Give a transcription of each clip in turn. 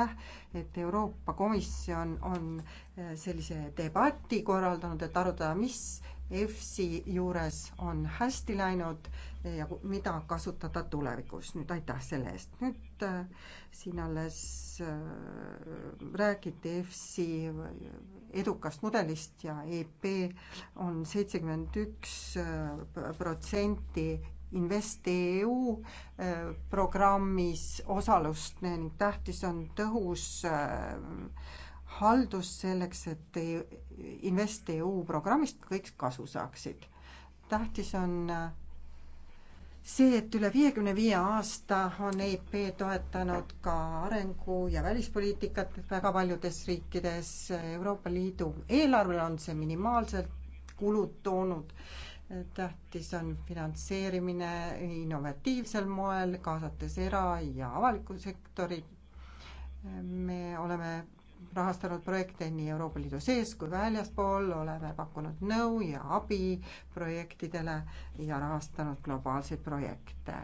aitäh, et Euroopa Komisjon on eh, sellise debati korraldanud, et arutada, mis EFSi juures on hästi läinud ja mida kasutada tulevikus. nüüd aitäh selle eest. nüüd eh, siin alles eh, räägiti EFSi edukast mudelist ja EP on seitsekümmend üks protsenti InvestEU äh, programmis osalust ning tähtis on tõhus äh, haldus selleks, et e-, InvestEU programmist kõik kasu saaksid. tähtis on äh, see, et üle viiekümne viie aasta on EIP toetanud ka arengu- ja välispoliitikat väga paljudes riikides, Euroopa Liidu eelarvele on see minimaalselt kulud toonud tähtis on finantseerimine innovatiivsel moel, kaasates era- ja avalikku sektorit. me oleme rahastanud projekte nii Euroopa Liidu sees kui väljaspool, oleme pakkunud nõu ja abi projektidele ja rahastanud globaalseid projekte.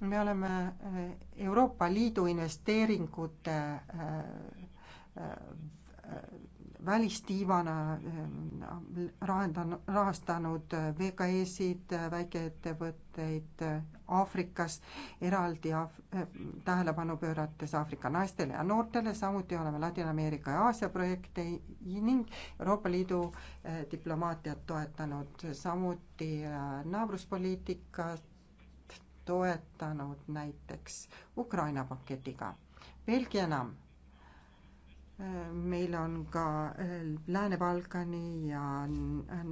me oleme eh, Euroopa Liidu investeeringute eh, eh, välistiivana eh, rahendan, rahastanud eh, VKE-sid, eh, väikeettevõtteid Aafrikas, eraldi Af-, tähelepanu pöörates Aafrika naistele ja noortele, samuti oleme Ladina-Ameerika ja Aasia projekte ning Euroopa Liidu diplomaatiat toetanud, samuti naabruspoliitikat toetanud näiteks Ukraina paketiga. veelgi enam meil on ka äh, Lääne-Balkani ja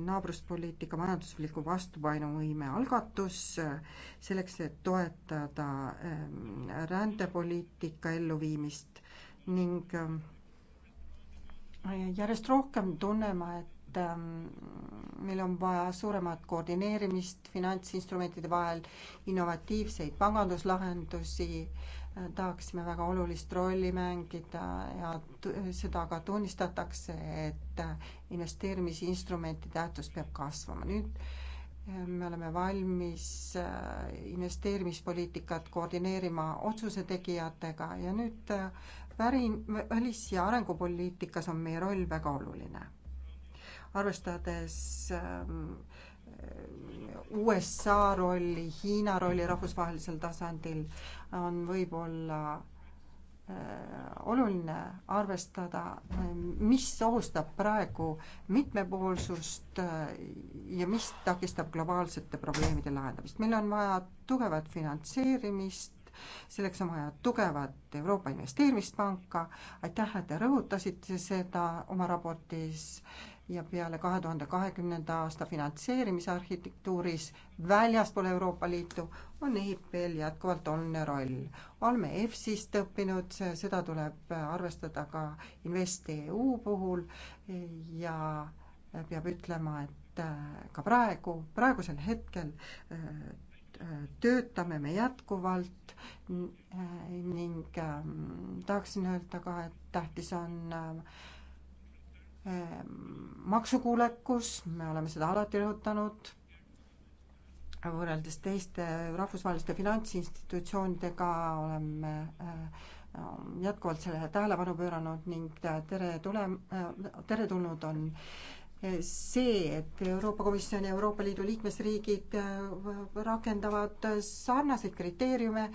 naabruspoliitika majandusliku vastupanuvõime algatus äh, selleks, et toetada äh, rändepoliitika elluviimist ning järjest rohkem tunnema, et et ähm, meil on vaja suuremat koordineerimist finantsinstrumentide vahel, innovatiivseid panganduslahendusi, äh, tahaksime väga olulist rolli mängida ja seda ka tunnistatakse, et äh, investeerimisinstrumenti tähtsus peab kasvama. nüüd äh, me oleme valmis investeerimispoliitikat koordineerima otsuse tegijatega ja nüüd värin, välis- ja arengupoliitikas on meie roll väga oluline arvestades ähm, USA rolli, Hiina rolli rahvusvahelisel tasandil, on võib-olla äh, oluline arvestada, mis ohustab praegu mitmepoolsust äh, ja mis takistab globaalsete probleemide lahendamist. meil on vaja tugevat finantseerimist, selleks on vaja tugevat Euroopa Investeerimispanka, aitäh, et te rõhutasite seda oma raportis ja peale kahe tuhande kahekümnenda aasta finantseerimisarhitektuuris väljaspool Euroopa Liitu on EIP-l jätkuvalt oluline roll. oleme EFSist õppinud, seda tuleb arvestada ka InvestEU puhul ja peab ütlema, et äh, ka praegu, praegusel hetkel äh, töötame me jätkuvalt äh, ning ähm, tahaksin öelda ka, et tähtis on äh, Ehm, maksukuulekus, me oleme seda alati rõhutanud, võrreldes teiste rahvusvaheliste finantsinstitutsioonidega oleme ehm, jätkuvalt sellele tähelepanu pööranud ning tere tule, ehm, teretulnud on see, et Euroopa Komisjon ja Euroopa Liidu liikmesriigid rakendavad sarnaseid kriteeriume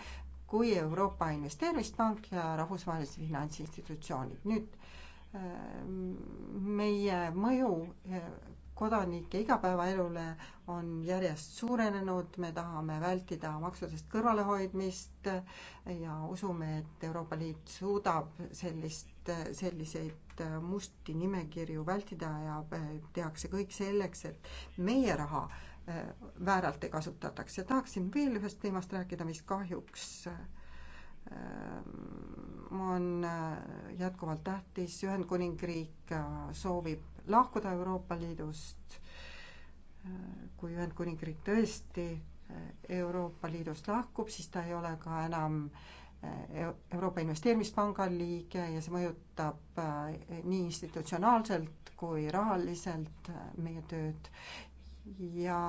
kui Euroopa Investeerimispank ja rahvusvahelised finantsinstitutsioonid. nüüd meie mõju eh, kodanike igapäevaelule on järjest suurenenud, me tahame vältida maksudest kõrvalehoidmist eh, ja usume, et Euroopa Liit suudab sellist, eh, selliseid musti nimekirju vältida ja tehakse kõik selleks, et meie raha vääralt ei kasutataks ja tahaksin veel ühest teemast rääkida, mis kahjuks äh, Ehm, on äh, jätkuvalt tähtis, Ühendkuningriik äh, soovib lahkuda Euroopa Liidust, äh, kui Ühendkuningriik tõesti Euroopa Liidust lahkub, siis ta ei ole ka enam Euroopa Investeerimispanga liige ja see mõjutab nii institutsionaalselt kui rahaliselt meie tööd. ja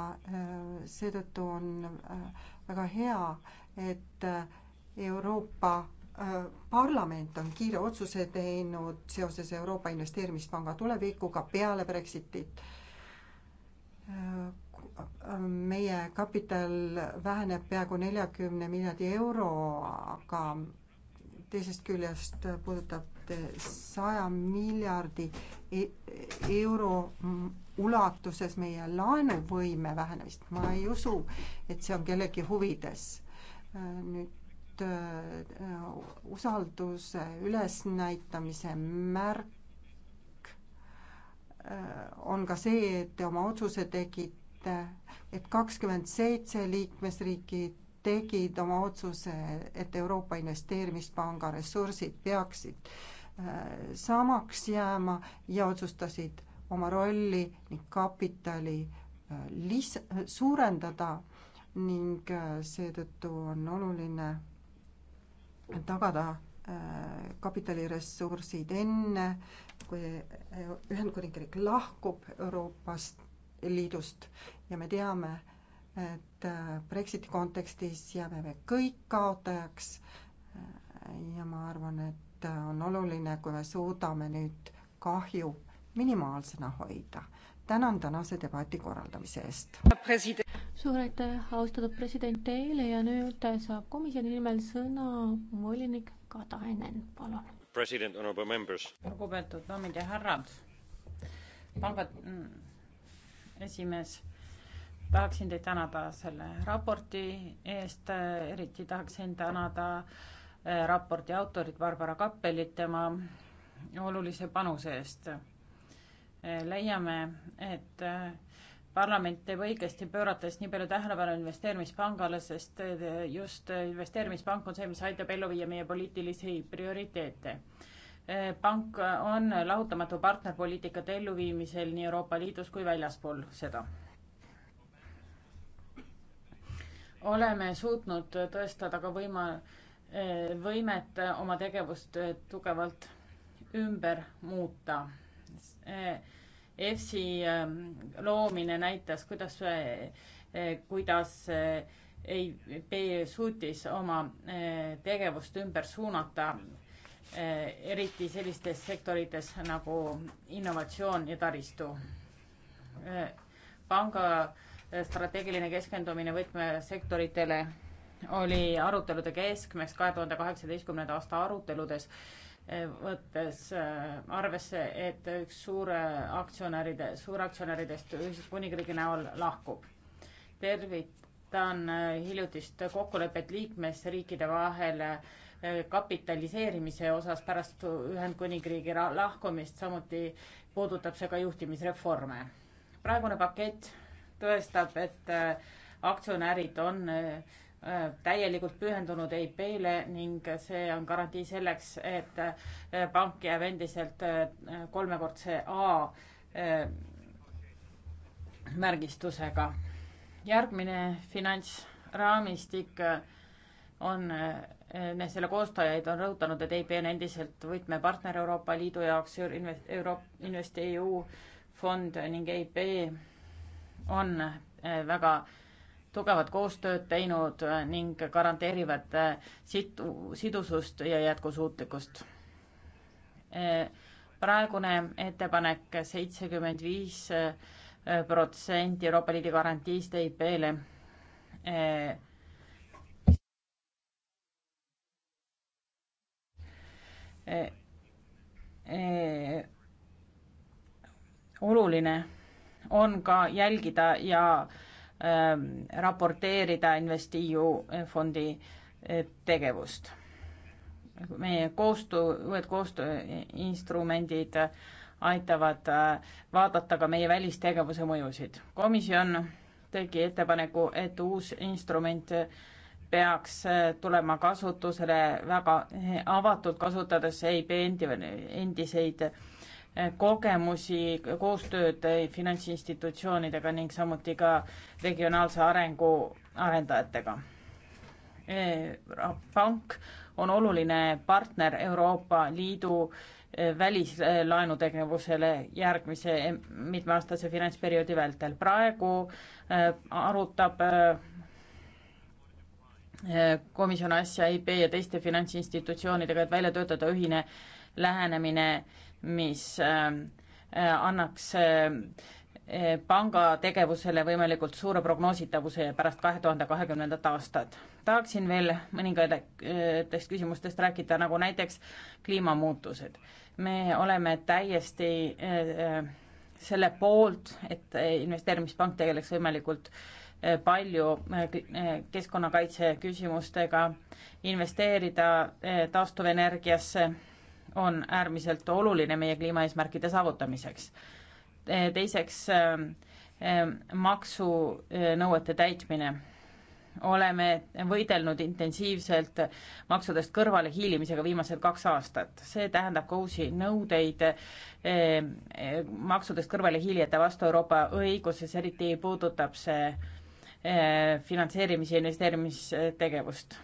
seetõttu on väga hea, et Euroopa äh, parlament on kiire otsuse teinud seoses Euroopa Investeerimispanga tulevikuga peale Brexitit. Äh, meie kapital väheneb peaaegu neljakümne miljardi euro, aga teisest küljest puudutab saja miljardi e euro ulatuses meie laenuvõime vähenemist. ma ei usu, et see on kellegi huvides. Äh, nüüd Äh, usalduse ülesnäitamise märk äh, on ka see, et te oma otsuse tegite, et kakskümmend seitse liikmesriiki tegid oma otsuse, et Euroopa Investeerimispanga ressursid peaksid äh, samaks jääma ja otsustasid oma rolli ning kapitali lis-, suurendada ning seetõttu on oluline tagada äh, kapitaliressursid enne, kui äh, Ühendkuningriik lahkub Euroopast, Liidust ja me teame, et äh, Brexiti kontekstis jääme me kõik kaotajaks ja ma arvan, et on oluline, kui me suudame nüüd kahju minimaalsena hoida tänan tänase debati korraldamise eest. suur aitäh, austatud president teile ja nüüd saab komisjoni nimel sõna volinik Katainen, palun. president, honorable members. lugupeetud daamid ja härrad, palgad, mm, esimees, tahaksin teid tänada selle raporti eest, eriti tahaksin tänada eh, raporti autorit Barbara Kappelit tema olulise panuse eest leiame, et äh, parlament teeb õigesti, pöörates nii palju tähelepanu investeerimispangale, sest äh, just äh, investeerimispank on see, mis aitab ellu viia meie poliitilisi prioriteete. pank on lahutamatu partner poliitikate elluviimisel nii Euroopa Liidus kui väljaspool seda. oleme suutnud tõestada ka võima-, võimet oma tegevust tugevalt ümber muuta Eh, EFSi eh, loomine näitas, kuidas, eh, kuidas EIB e suutis oma tegevust ümber suunata, eriti sellistes sektorites nagu innovatsioon ja taristu. panga strateegiline keskendumine võtmesektoritele oli arutelude keskmeks kahe tuhande kaheksateistkümnenda aasta aruteludes võttes äh, arvesse, et üks suure aktsionäride, suuraktsionäridest Ühendkuningriigi näol lahkub. tervitan äh, hiljutist kokkulepet liikmesriikide vahel äh, kapitaliseerimise osas pärast Ühendkuningriigi lahkumist, samuti puudutab see ka juhtimisreforme. praegune pakett tõestab, et aktsionärid on äh, Äh, täielikult pühendunud EIP-le ning see on garantii selleks, et äh, pank jääb endiselt äh, kolmekordse A märgistusega. järgmine finantsraamistik on, selle koostajaid on rõhutanud, et EIP on endiselt võtmepartner Euroopa Liidu jaoks, Euroopa Investeeriu fond ning EIP on väga äh, väga tugevat koostööd teinud äh, ning garanteerivad äh, situ-, sidusust ja jätkusuutlikkust. Äh, praegune ettepanek seitsekümmend viis protsenti Euroopa Liidu garantiist EIP-le oluline on ka jälgida ja Ähm, raporteerida InvestEU fondi äh, tegevust. meie koostöö, uued koostööinstrumendid aitavad äh, vaadata ka meie välistegevuse mõjusid. komisjon tegi ettepaneku, et uus instrument peaks äh, tulema kasutusele väga avatult, kasutades EIB endi, endiseid kogemusi, koostööd finantsinstitutsioonidega ning samuti ka regionaalse arengu arendajatega. pank on oluline partner Euroopa Liidu välislaenutegevusele järgmise mitmeaastase finantsperioodi vältel. praegu e, arutab e, komisjon asja EIB ja teiste finantsinstitutsioonidega, et välja töötada ühine lähenemine mis ähm, äh, annaks ähm, äh, panga tegevusele võimalikult suure prognoositavuse pärast kahe tuhande kahekümnendat aastat. tahaksin veel mõningatest äh, küsimustest rääkida, nagu näiteks kliimamuutused. me oleme täiesti selle poolt, et investeerimispank tegeleks võimalikult palju keskkonnakaitse küsimustega, investeerida taastuvenergiasse on äärmiselt oluline meie kliimaeesmärkide saavutamiseks. Eh, teiseks, eh, eh, maksunõuete täitmine. oleme võidelnud intensiivselt maksudest kõrvalehiilimisega viimased kaks aastat, see tähendab ka uusi nõudeid maksudest kõrvalehiilijate vastu Euroopa õiguses, eriti puudutab see finantseerimis- ja investeerimistegevust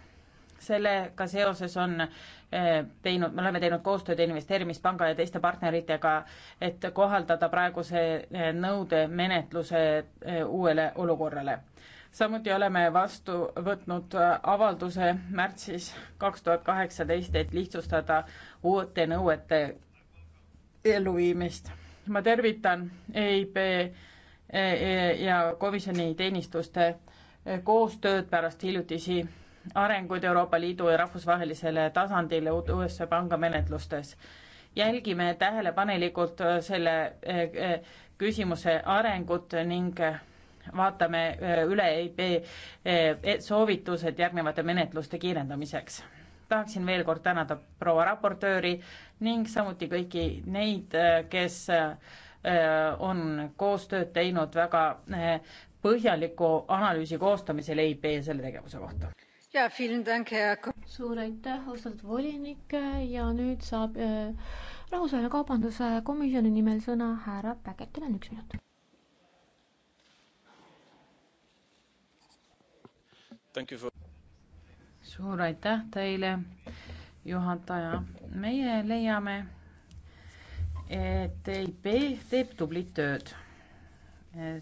sellega seoses on Eh, teinud, me oleme teinud koostööd investeerimispanga ja teiste partneritega, et kohaldada praeguse eh, nõudemenetluse eh, uuele olukorrale. samuti oleme vastu võtnud avalduse märtsis kaks tuhat kaheksateist, et lihtsustada uute nõuete elluviimist. ma tervitan EIB ja komisjoni teenistuste koostööd pärast hiljutisi arenguid Euroopa Liidu ja rahvusvahelisele tasandile USA panga menetlustes. jälgime tähelepanelikult äh, selle äh, äh, küsimuse arengut ning vaatame üle EIB e-, soovitused järgnevate menetluste kiirendamiseks. tahaksin veel kord tänada proua raportööri ning samuti kõiki neid, kes on koostööd teinud väga põhjaliku analüüsi koostamisel EIB selle tegevuse kohta suur aitäh, austatud volinik ja nüüd saab äh, Rahvusvahelise Kaubanduse Komisjoni nimel sõna härra Päkert, teil on üks minut. For... suur aitäh teile, juhataja. meie leiame, et EIB teeb tublit tööd.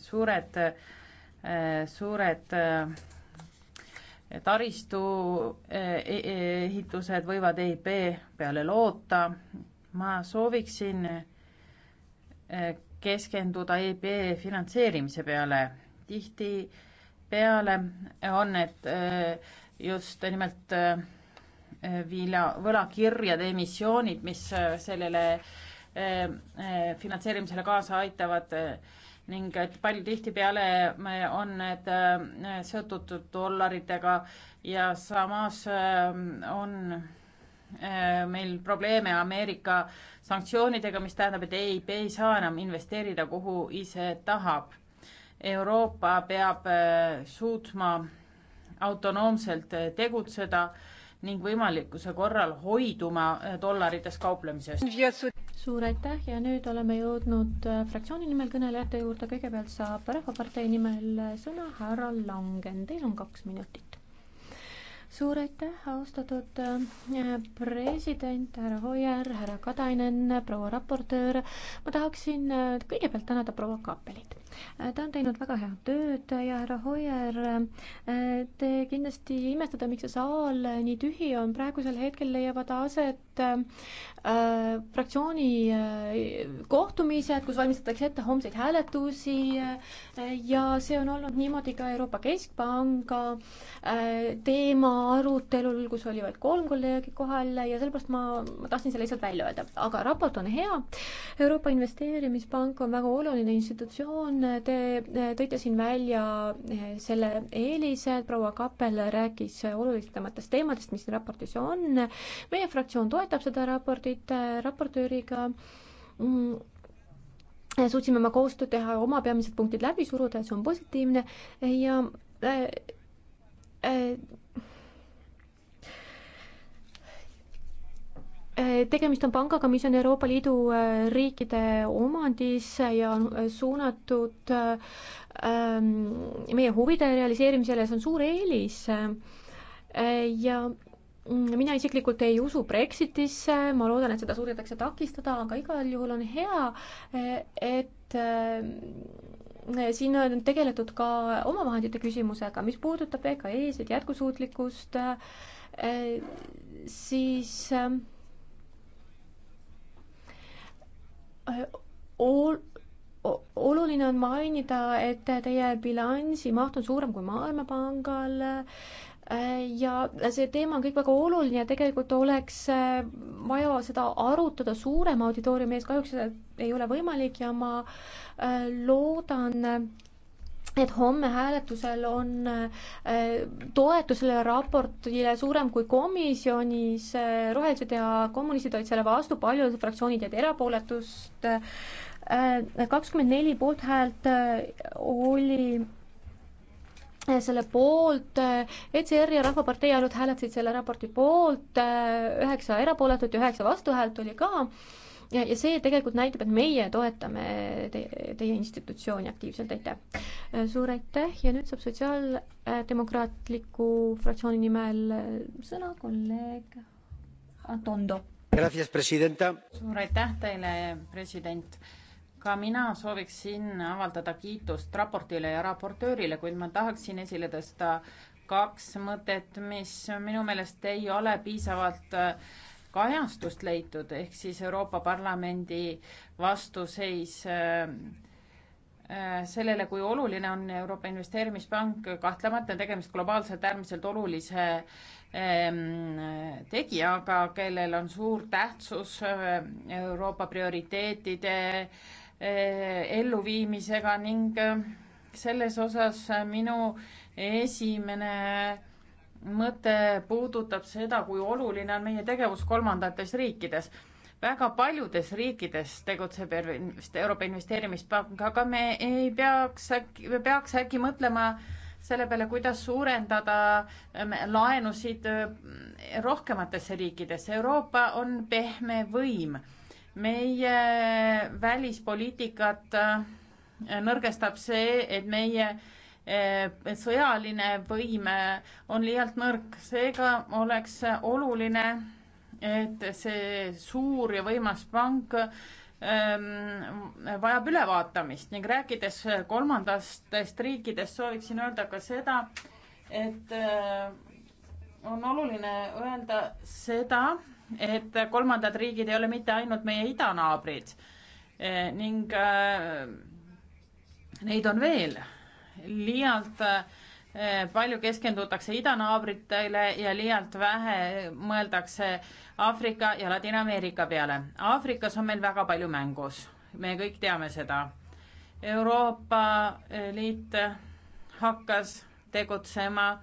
suured, äh, suured äh, Eh, taristu eh, e-, ehitused võivad EIB peale loota. ma sooviksin eh, keskenduda EIB finantseerimise peale. tihtipeale on need just nimelt vilja, võlakirjade emissioonid, mis sellele finantseerimisele kaasa aitavad ning et palju tihtipeale on need äh, seotud dollaritega ja samas äh, on äh, meil probleeme Ameerika sanktsioonidega, mis tähendab, et EIB ei saa enam investeerida, kuhu ise tahab. Euroopa peab suutma autonoomselt tegutseda ning võimalikkuse korral hoiduma dollarites kauplemisest suur aitäh ja nüüd oleme jõudnud äh, fraktsiooni nimel kõnelejate juurde, kõigepealt saab Rahvapartei nimel äh, sõna härra Langen, teil on kaks minutit suur aitäh, austatud äh, president, härra Hoier, härra Katainen, proua raportöör. ma tahaksin äh, kõigepealt tänada proua Kappelit. Äh, ta on teinud väga head tööd ja härra Hoier, te kindlasti imestada, miks see saal nii tühi on, praegusel hetkel leiavad aset äh, fraktsiooni äh, kohtumised, kus valmistatakse ette homseid hääletusi äh, ja see on olnud niimoodi ka Euroopa Keskpanga teema arutelul, kus oli vaid kolm kolleegi kohal ja sellepärast ma, ma tahtsin selle lihtsalt välja öelda, aga raport on hea. Euroopa Investeerimispank on väga oluline institutsioon, te tõite siin välja eh, selle eelise, proua Kappel rääkis olulisematest teemadest, mis siin raportis on. meie fraktsioon toetab seda raportit eh, raportööriga mm. suutsime me koostööd teha ja oma peamised punktid läbi suruda ja see on positiivne ja äh, äh, Äh, tegemist on pangaga, mis on Euroopa Liidu äh, riikide omandis ja on äh, suunatud ähm, meie huvide realiseerimisele, see on suur eelis. ja mm, mina isiklikult ei usu Brexitisse, ma loodan, et seda suudetakse takistada, aga igal juhul on hea, et siin on tegeletud ka omavahendite küsimusega, mis puudutab EKE-sid, jätkusuutlikkust, siis äh, ol-, oluline on mainida, et teie bilansi maht on suurem kui Maailmapangal äh, ja see teema on kõik väga oluline ja tegelikult oleks äh, vaja seda arutada suurema auditooriumi ees, kahjuks seda ei ole võimalik ja ma äh, loodan, et homme hääletusel on äh, toetus sellele raportile suurem kui komisjonis, rohelised ja kommunistid olid selle vastu, paljud fraktsioonid jäid erapooletust, äh, kakskümmend neli poolthäält äh, oli selle poolt, ECR ja Rahvapartei ainult hääletasid selle raporti poolt, üheksa erapooletut ja üheksa vastuhäält oli ka ja, ja see tegelikult näitab, et meie toetame te, teie institutsiooni aktiivselt, aitäh. suur aitäh ja nüüd saab sotsiaaldemokraatliku fraktsiooni nimel sõna kolleeg Atondo. suur aitäh teile, president ka mina sooviksin avaldada kiitust raportile ja raportöörile, kuid ma tahaksin esile tõsta kaks mõtet, mis minu meelest ei ole piisavalt kajastust leitud, ehk siis Euroopa Parlamendi vastuseis ähm, äh, sellele, kui oluline on Euroopa Investeerimispank, kahtlemata on tegemist globaalselt äärmiselt olulise ähm, tegijaga, kellel on suur tähtsus äh, Euroopa prioriteetide äh, elluviimisega ning selles osas minu esimene mõte puudutab seda, kui oluline on meie tegevus kolmandates riikides. väga paljudes riikides tegutseb Euroopa Investeerimispank, aga me ei peaks äkki, me peaks äkki mõtlema selle peale, kuidas suurendada ähm, laenusid äh, rohkematesse riikidesse. Euroopa on pehme võim. meie välispoliitikat äh, nõrgestab see, et meie Äh, sõjaline võim on liialt nõrk, seega oleks oluline, et see suur ja võimas pank ähm, vajab ülevaatamist ning rääkides kolmandatest riikidest, sooviksin öelda ka seda, et äh, on oluline öelda seda, et kolmandad riigid ei ole mitte ainult meie idanaabrid äh, ning neid on veel liialt eh, palju keskendutakse idanaabritele ja liialt vähe mõeldakse Aafrika ja Ladina-Ameerika peale. Aafrikas on meil väga palju mängus, me kõik teame seda. Euroopa eh, Liit eh, hakkas tegutsema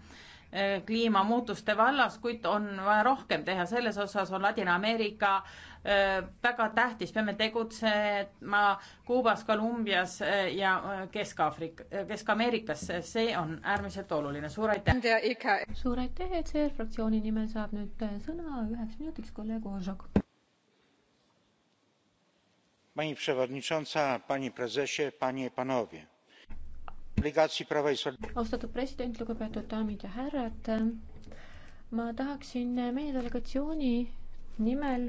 kliimamuutuste vallas, kuid on vaja rohkem teha, selles osas on Ladina-Ameerika väga tähtis, peame tegutsema Kuubas, Kolumbias ja Kesk-Aafrika, Kesk-Ameerikas, see on äärmiselt oluline, suur aitäh! suur aitäh, ECR fraktsiooni nimel saab nüüd sõna üheks minutiks kolleeg Ožak. Pani przewodnicząca, pani prezesie, panie, panowie. austatud president, lugupeetud daamid ja härrad, ma tahaksin meie delegatsiooni nimel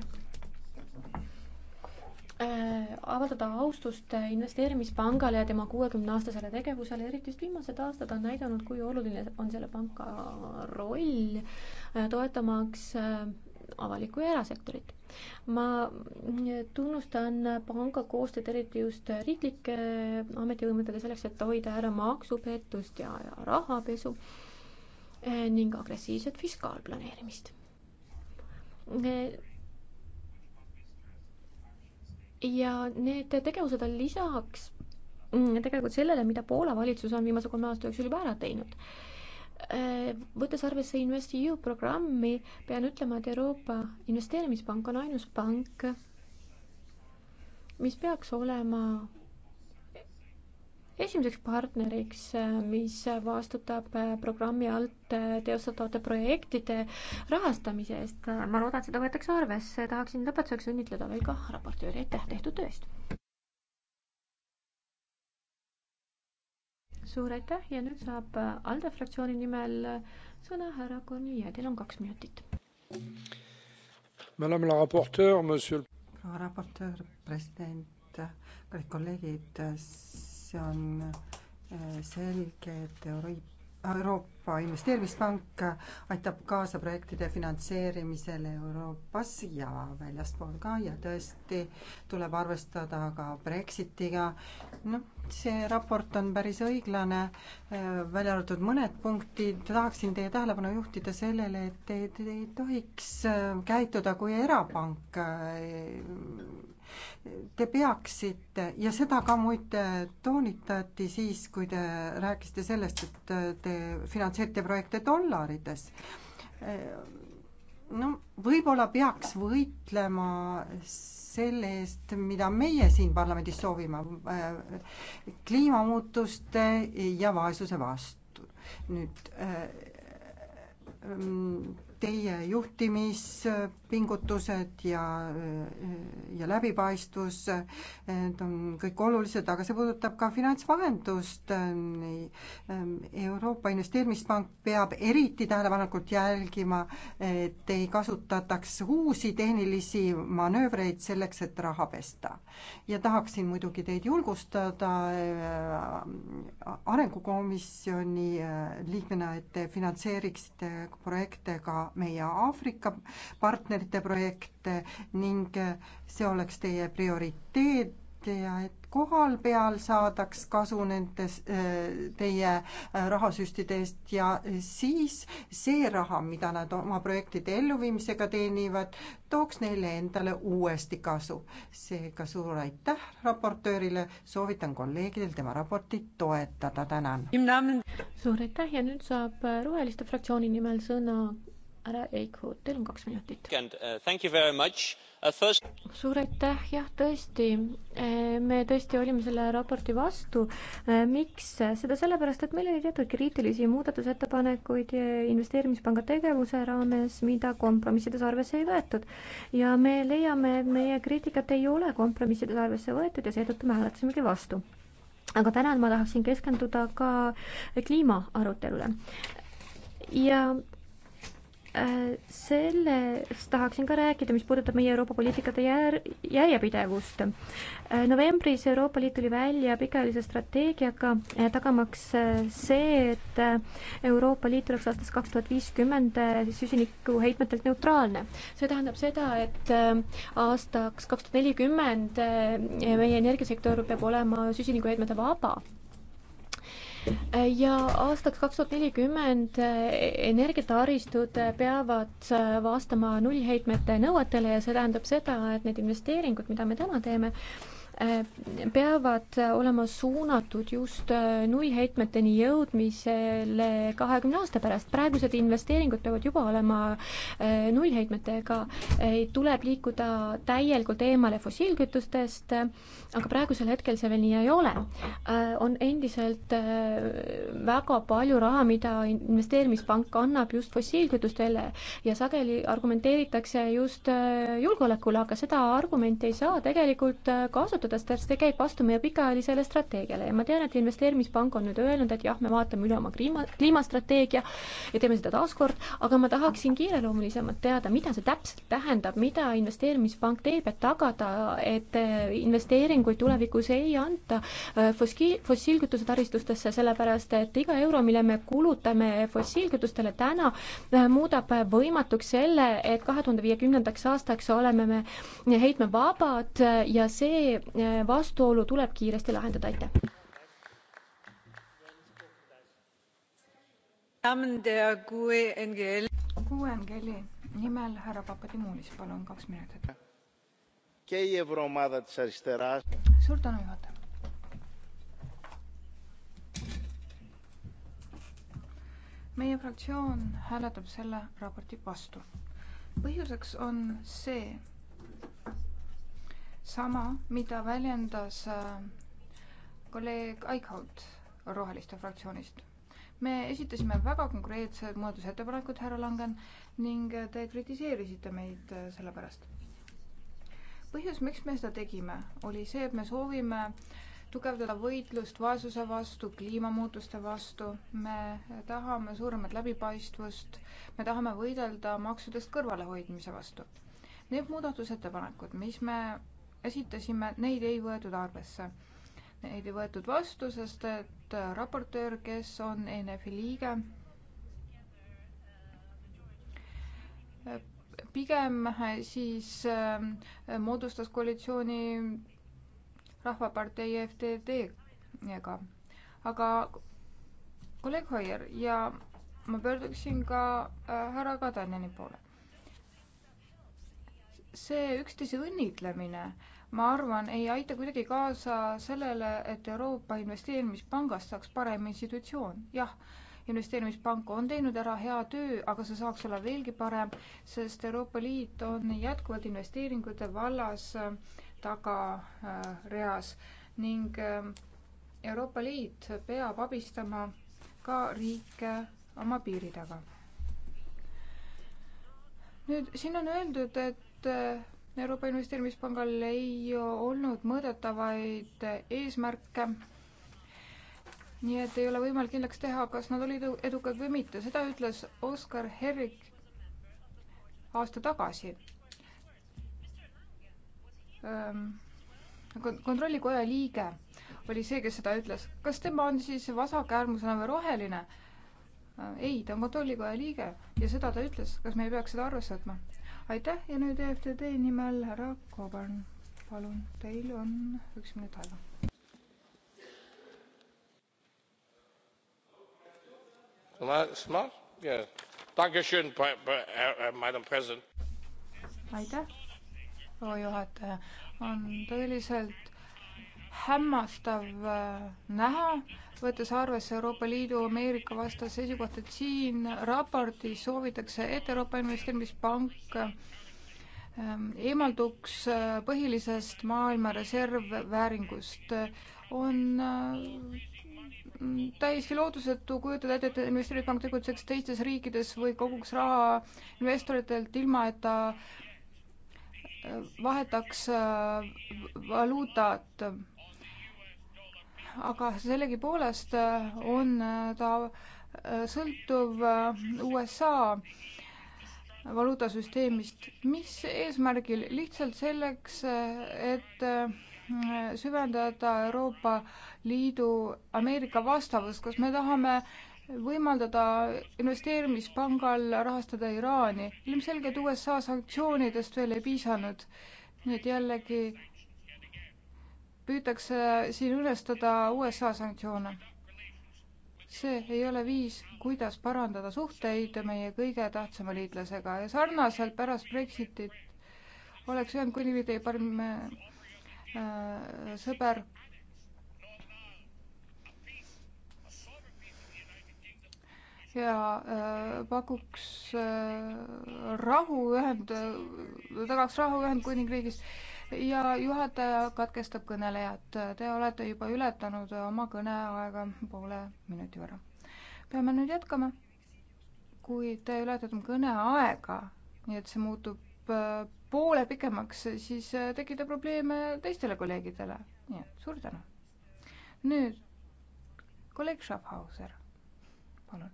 Äh, avaldada austust investeerimispangale ja tema kuuekümne aastasele tegevusele, eriti just viimased aastad on näidanud, kui oluline on selle panga roll äh, toetamaks äh, avalikku ja erasektorit. ma tunnustan panga koostööd eriti just riiklike ametivõimudega selleks, et hoida ära maksupettust ja, ja rahapesu ning agressiivset fiskaalplaneerimist ja need tegevused on lisaks mm, tegelikult sellele, mida Poola valitsus on viimase kolme aasta jooksul juba ära teinud äh, võttes arvesse InvestEU programmi, pean ütlema, et Euroopa Investeerimispank on ainus pank, mis peaks olema esimeseks partneriks, mis vastutab äh, programmi alt äh, teostatavate projektide rahastamise eest. ma loodan, seda võetakse arvesse, tahaksin lõpetuseks õnnitleda veel ka raportööri, aitäh tehtud töö eest. suur aitäh ja nüüd saab äh, ALDE fraktsiooni nimel sõna härra Kornija, teil on kaks minutit. Madame la raportöör, monsieur. proua raportöör, president, kõik kolleegid on äh, selge, et Euro-, Euroopa Investeerimispank aitab kaasa projektide finantseerimisele Euroopas ja väljaspool ka ja tõesti tuleb arvestada ka Brexitiga. noh, see raport on päris õiglane, äh, välja arvatud mõned punktid, tahaksin teie tähelepanu juhtida sellele, et te, te ei tohiks äh, käituda kui erapank Te peaksite ja seda ka muide äh, toonitati siis, kui te rääkisite sellest, et äh, te finantseerite projekte dollarides. Äh, no võib-olla peaks võitlema selle eest, mida meie siin parlamendis soovime, kliimamuutuste ja vaesuse vastu. nüüd teie juhtimispingutused ja, ja läbipaistvus, need on kõik olulised, aga see puudutab ka finantsvahendust. Euroopa Investeerimispank peab eriti tähelepanelikult jälgima, et ei kasutataks uusi tehnilisi manöövreid selleks, et raha pesta. ja tahaksin muidugi teid julgustada äh, arengukomisjoni äh, liikmena, et te finantseeriksite projekte, ka meie Aafrika partnerite projekte ning see oleks teie prioriteet ja et kohal peal saadaks kasu nendest, teie äh, rahasüstidest ja siis see raha, mida nad oma projektide elluviimisega teenivad, tooks neile endale uuesti kasu. seega suur aitäh raportöörile, soovitan kolleegidel tema raportit toetada, tänan. suur aitäh ja nüüd saab Roheliste fraktsiooni nimel sõna härra Eichhut, teil on kaks minutit. Uh, suur aitäh, jah, tõesti, eh, me tõesti olime selle raporti vastu. Eh, miks? seda sellepärast, et meil oli teatud kriitilisi muudatusettepanekuid investeerimispanga tegevuse raames, mida kompromissides arvesse ei võetud. ja me leiame, et meie kriitikat ei ole kompromissides arvesse võetud ja seetõttu me hääletasimegi vastu aga täna ma tahaksin keskenduda ka kliimaarutelule ja Äh, sellest tahaksin ka rääkida, mis puudutab meie Euroopa poliitikate jär-, järjepidevust. Äh, novembris Euroopa Liit tuli välja pikaajalise strateegiaga, äh, tagamaks see, et Euroopa Liit oleks aastast kaks tuhat viiskümmend süsinikuheitmetelt neutraalne. see tähendab seda, et aastaks kaks tuhat nelikümmend meie energiasektor peab olema süsinikuheitmete vaba ja aastaks kaks tuhat nelikümmend eh, energiataristud eh, peavad eh, vastama nullheitmete nõuetele ja see tähendab seda, et need investeeringud, mida me täna teeme, Äh, peavad olema suunatud just äh, nullheitmeteni jõudmisele kahekümne aasta pärast. praegused investeeringud peavad juba olema äh, nullheitmetega, tuleb liikuda täielikult eemale fossiilkütustest, aga praegusel hetkel see veel nii ei ole. on endiselt väga palju raha, mida investeerimispank annab just fossiilkütustele ja sageli argumenteeritakse just julgeolekule, aga seda argumenti ei saa tegelikult kasutada, pöörduda, sest see käib vastu meie pikaajalisele strateegiale ja ma tean, et investeerimispank on nüüd öelnud, et jah, me vaatame üle oma kliima, kliimastrateegia ja teeme seda taaskord, aga ma tahaksin kiireloomulisemalt teada, mida see täpselt tähendab, mida investeerimispank teeb, et tagada, et äh, investeeringuid tulevikus ei anta äh, fossiil, fossiilkütuse taristustesse, sellepärast et iga euro, mille me kulutame fossiilkütustele täna, äh, muudab võimatuks selle, et kahe tuhande viiekümnendaks aastaks oleme me heitmevabad ja see Äh, vastuolu tuleb kiiresti lahendada, aitäh. QNGL-i nimel härra Papadimulis, palun, kaks minutit. E suur tänu, juhataja. meie fraktsioon hääletab selle raporti vastu. põhjuseks on see, sama, mida väljendas äh, kolleeg Eichholt Roheliste fraktsioonist. me esitasime väga konkreetsed muudatusettepanekud, härra Langen, ning te kritiseerisite meid äh, selle pärast. põhjus, miks me seda tegime, oli see, et me soovime tugevdada võitlust vaesuse vastu, kliimamuutuste vastu, me tahame suuremat läbipaistvust, me tahame võidelda maksudest kõrvalehoidmise vastu. Need muudatusettepanekud, mis me esitasime, neid ei võetud arvesse. Neid ei võetud vastu, sest et raportöör, kes on ENF-i liige, pigem siis äh, moodustas koalitsiooni Rahvapartei FTD-ga. aga kolleeg Hoier ja ma pöörduksin ka äh, härra Kadanjani poole see üksteise õnnitlemine ma arvan, ei aita kuidagi kaasa sellele, et Euroopa Investeerimispangast saaks parem institutsioon. jah, investeerimispank on teinud ära hea töö, aga see saaks olla veelgi parem, sest Euroopa Liit on jätkuvalt investeeringute vallas äh, tagareas äh, ning äh, Euroopa Liit peab abistama ka riike oma piiri taga. nüüd siin on öeldud, et Euroopa Investeerimispangal ei olnud mõõdetavaid eesmärke, nii et ei ole võimalik kindlaks teha, kas nad olid edukad või mitte, seda ütles Oskar Herrik aasta tagasi ähm,. kontrollikoja liige oli see, kes seda ütles. kas tema on siis vasakäärmusena või roheline? Ehm, ei, ta on kontrollikoja liige ja seda ta ütles, kas me ei peaks seda arvesse võtma? aitäh ja nüüd EFTD nimel härra Coburn, palun, teil on üks minut aega. Äh, aitäh, proua juhataja, on tõeliselt hämmastav äh, näha, võttes arvesse Euroopa Liidu Ameerika vastast seisukohta, et siin raportis soovitakse, et Euroopa Investeerimispank ähm, eemalduks äh, põhilisest maailma reservvääringust. on äh, täiesti loodusetu kujutada ette, et investeerimispank tegutseks teistes riikides või koguks raha investoritelt, ilma et ta vahetaks valuutat aga sellegipoolest äh, on äh, ta äh, sõltuv USA valuutasüsteemist, mis eesmärgil, lihtsalt selleks, et süvendada Euroopa Liidu Ameerika vastavust, kas me tahame võimaldada investeerimispangal rahastada Iraani. ilmselgelt USA sanktsioonidest veel ei piisanud. nii et jällegi püütakse siin ülestada USA sanktsioone. see ei ole viis, kuidas parandada suhteid meie kõige tähtsama liitlasega ja sarnaselt pärast Brexitit oleks Ühendkuningriigi parim äh, sõber ja äh, pakuks äh, rahu ühend äh,, tagaks rahu Ühendkuningriigis äh, ja juhataja katkestab kõnelejat. Te olete juba ületanud oma kõneaega poole minuti võrra. peame nüüd jätkama. kui te ületate oma kõneaega, nii et see muutub äh, poole pikemaks, siis äh, tekitab probleeme teistele kolleegidele. nii et suur tänu. nüüd kolleeg Schaffhauser, palun,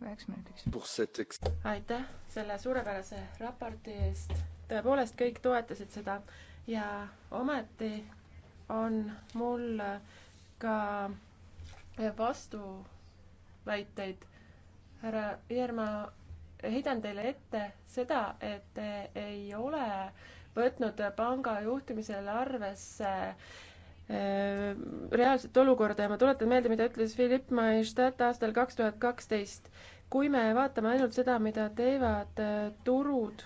üheks minutiks. aitäh selle suurepärase raporti eest. tõepoolest kõik toetasid seda ja ometi on mul ka vastuväiteid. härra Jeer, ma heidan teile ette seda, et te ei ole võtnud panga juhtimisel arvesse äh, reaalset olukorda ja ma tuletan meelde, mida ütles Philipp Maestat aastal kaks tuhat kaksteist. kui me vaatame ainult seda, mida teevad äh, turud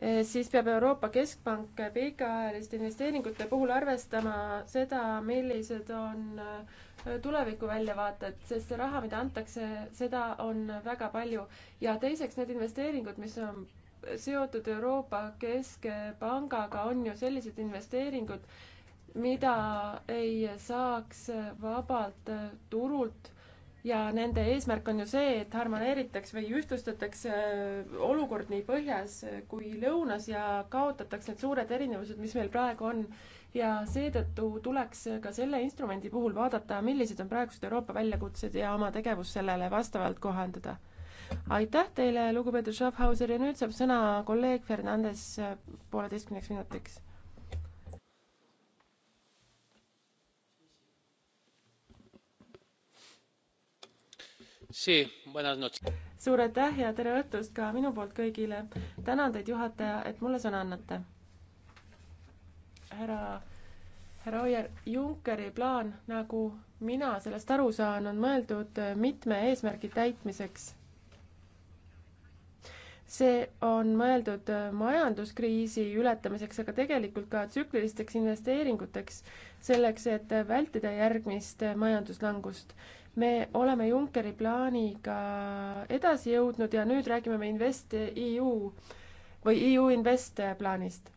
Eh, siis peab Euroopa Keskpank pikaajaliste investeeringute puhul arvestama seda, millised on eh, tuleviku väljavaated, sest see raha, mida antakse, seda on väga palju. ja teiseks, need investeeringud, mis on seotud Euroopa Keskpangaga, on ju sellised investeeringud, mida ei saaks vabalt eh, turult ja nende eesmärk on ju see, et harmoneeritakse või ühtlustatakse äh, olukord nii põhjas äh, kui lõunas ja kaotatakse need suured erinevused, mis meil praegu on. ja seetõttu tuleks äh, ka selle instrumendi puhul vaadata, millised on praegused Euroopa väljakutsed ja oma tegevus sellele vastavalt kohandada. aitäh teile, lugupeetud Schaffhauser ja nüüd saab sõna kolleeg Fernandes pooleteistkümneks minutiks suur aitäh ja tere õhtust ka minu poolt kõigile. tänan teid, juhataja, et mulle sõna annate. härra, härra Oier, Junckeri plaan, nagu mina sellest aru saan, on mõeldud mitme eesmärgi täitmiseks see on mõeldud majanduskriisi ületamiseks, aga tegelikult ka tsüklilisteks investeeringuteks, selleks, et vältida järgmist majanduslangust me oleme Junckeri plaaniga edasi jõudnud ja nüüd räägime me Invest EU või EU Invest plaanist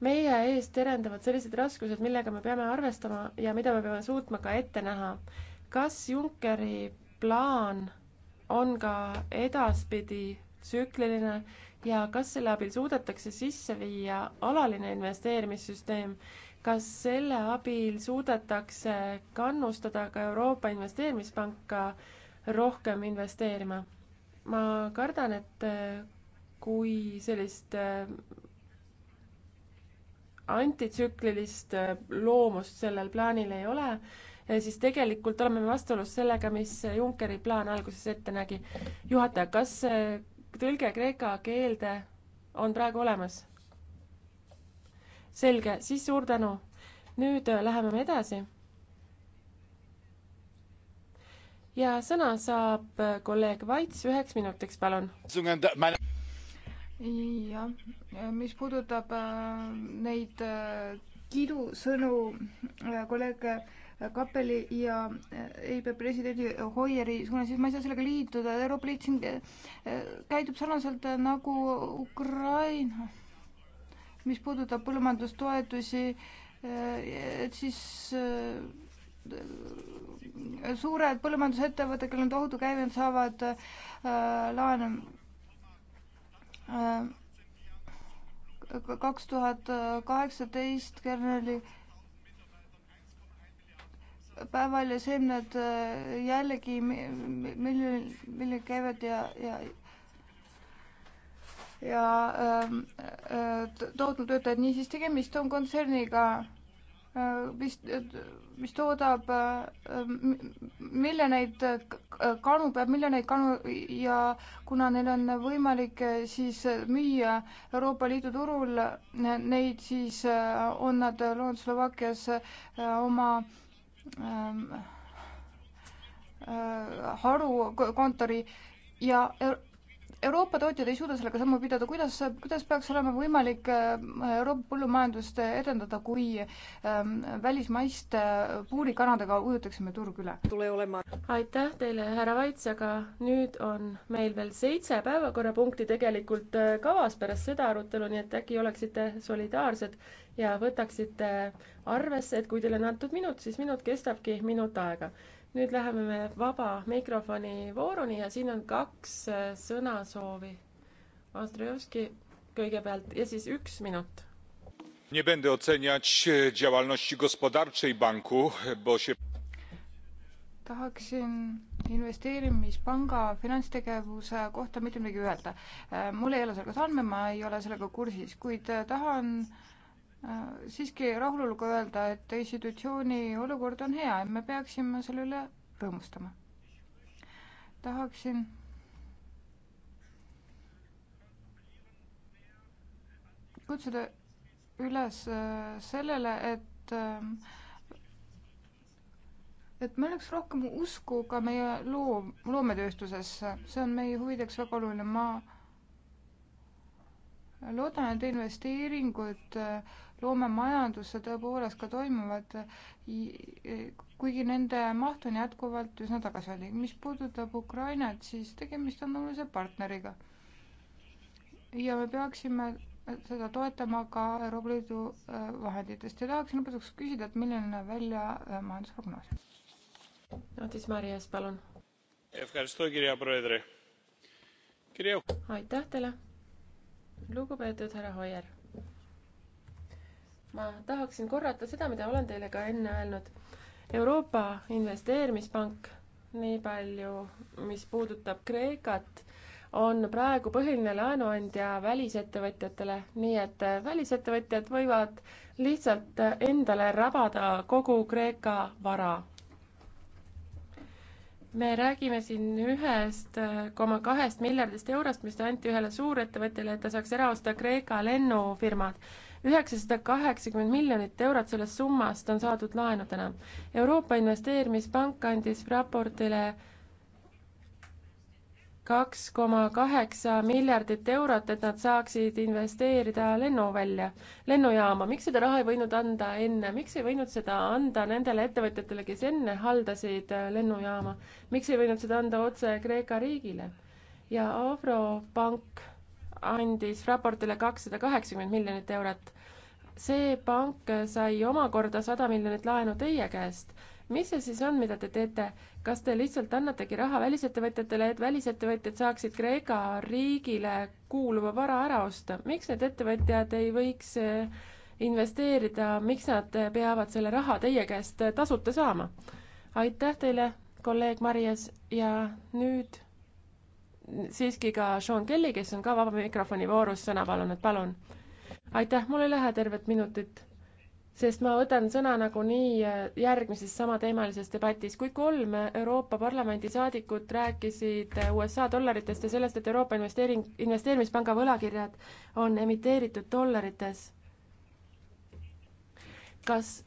meie ees terendavad sellised raskused, millega me peame arvestama ja mida me peame suutma ka ette näha. kas Junckeri plaan on ka edaspidi tsükliline ja kas selle abil suudetakse sisse viia alaline investeerimissüsteem, kas selle abil suudetakse kannustada ka Euroopa Investeerimispanka rohkem investeerima? ma kardan, et äh, kui sellist äh, antitsüklilist äh, loomust sellel plaanil ei ole, siis tegelikult oleme me vastuolus sellega, mis Junckeri plaan alguses ette nägi. juhataja, kas tõlge kreeka keelde on praegu olemas? selge, siis suur tänu. nüüd äh, läheme me edasi. ja sõna saab äh, kolleeg Vaits üheks minutiks, palun. jah, mis puudutab äh, neid kidusõnu kolleeg Kappeli ja EIB presidendi Hoieri suunas, siis ma ei saa sellega liituda, Euroopa Liit siin käitub sarnaselt nagu Ukraina mis puudutab põllumajandustoetusi, eh, et siis eh, suured põllumajandusettevõtted, kellel on tohutu käive, nad saavad äh, laene kaks tuhat kaheksateist Kerneli päeval ja seemned jällegi miljon, miljon käivad ja, ja ja ähm, äh, tootnud töötajad, niisiis tegemist on kontserniga, äh, mis, mis toodab äh, miljoneid kanu, peab miljoneid kanu ja kuna neil on võimalik siis müüa Euroopa Liidu turul neid, siis on nad loonud Slovakkias oma ähm, harukontori ja Euroopa tootjad ei suuda sellega sammu pidada, kuidas, kuidas peaks olema võimalik äh, Euroopa põllumajandust edendada, kui ähm, välismaist äh, puurikanadega ujutaksime turg üle? aitäh teile, härra Vaits, aga nüüd on meil veel seitse päevakorrapunkti tegelikult äh, kavas pärast seda arutelu, nii et äkki oleksite solidaarsed ja võtaksite arvesse, et kui teile on antud minut, siis minut kestabki minut aega nüüd läheme me vaba mikrofoni vooruni ja siin on kaks äh, sõnasoovi. Ostrojevski kõigepealt ja siis üks minut. Nie będę oceniać e, działalności gospodarczej banku, bo się tahaksin investeerimispanga finantstegevuse kohta mitte midagi öelda. E, mul ei ole sellega andme, ma ei ole sellega kursis, kuid e, tahan äh, Äh, siiski rahuloluga öelda, et institutsiooni olukord on hea ja me peaksime selle üle rõõmustama. tahaksin kutsuda üles äh, sellele, et äh, et meil oleks rohkem usku ka meie loo, loometööstusesse, see on meie huvideks väga oluline, ma loodan, et investeeringud äh, loomemajandusse tõepoolest ka toimuvad, e, kuigi nende maht on jätkuvalt üsna tagasihoidlik. mis puudutab Ukrainat, siis tegemist on olulise partneriga. ja me peaksime seda toetama ka Euroopa Liidu äh, vahenditest ja tahaksin lõpetuseks küsida, et milline näeb välja äh, majandusprognoos? Otis Marias, palun. aitäh teile lugupeetud härra Hoier. ma tahaksin korrata seda, mida olen teile ka enne öelnud. Euroopa Investeerimispank, nii palju, mis puudutab Kreekat, on praegu põhiline laenuandja välisettevõtjatele, nii et välisettevõtjad võivad lihtsalt endale rabada kogu Kreeka vara me räägime siin ühest äh, koma kahest miljardist eurost, mis anti ühele suurettevõtjale, et ta saaks ära osta Kreeka lennufirmad. üheksasada kaheksakümmend miljonit eurot sellest summast on saadud laenudena. Euroopa Investeerimispank andis raportile kaks koma kaheksa miljardit eurot, et nad saaksid investeerida lennuvälja, lennujaama. miks seda raha ei võinud anda enne, miks ei võinud seda anda nendele ettevõtjatele, kes enne haldasid lennujaama? miks ei võinud seda anda otse Kreeka riigile? ja Avro pank andis raportile kakssada kaheksakümmend miljonit eurot. see pank sai omakorda sada miljonit laenu teie käest mis see siis on, mida te teete? kas te lihtsalt annategi raha välisettevõtjatele, et välisettevõtjad saaksid Kreeka riigile kuuluva vara ära osta? miks need ettevõtjad ei võiks eh, investeerida, miks nad peavad selle raha teie käest eh, tasuta saama? aitäh teile, kolleeg Marias ja nüüd siiski ka Sean Kelly, kes on ka vaba mikrofoni voorus sõna palunud, palun. aitäh, mul ei lähe tervet minutit sest ma võtan sõna nagunii äh, järgmises samateemalises debatis. kui kolm Euroopa Parlamendi saadikut rääkisid äh, USA dollaritest ja sellest, et Euroopa investeering, investeerimispanga võlakirjad on emiteeritud dollarites, kas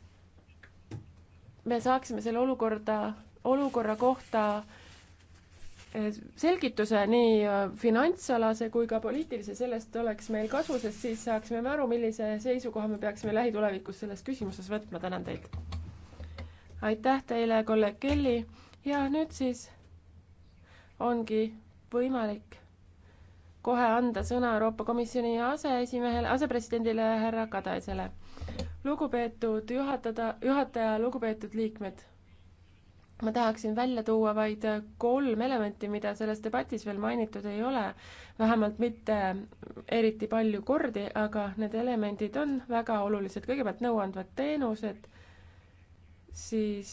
me saaksime selle olukorda, olukorra kohta selgituse nii äh, finantsalase kui ka poliitilise, sellest oleks meil kasu, sest siis saaksime me aru, millise seisukoha me peaksime lähitulevikus selles küsimuses võtma. tänan teid. aitäh teile, kolleeg Kelly ja nüüd siis ongi võimalik kohe anda sõna Euroopa Komisjoni aseesimehele, asepresidendile härra Kadaisele. lugupeetud juhatada, juhataja, lugupeetud liikmed ma tahaksin välja tuua vaid kolm elementi, mida selles debatis veel mainitud ei ole, vähemalt mitte eriti palju kordi, aga need elemendid on väga olulised. kõigepealt nõuandvad teenused, siis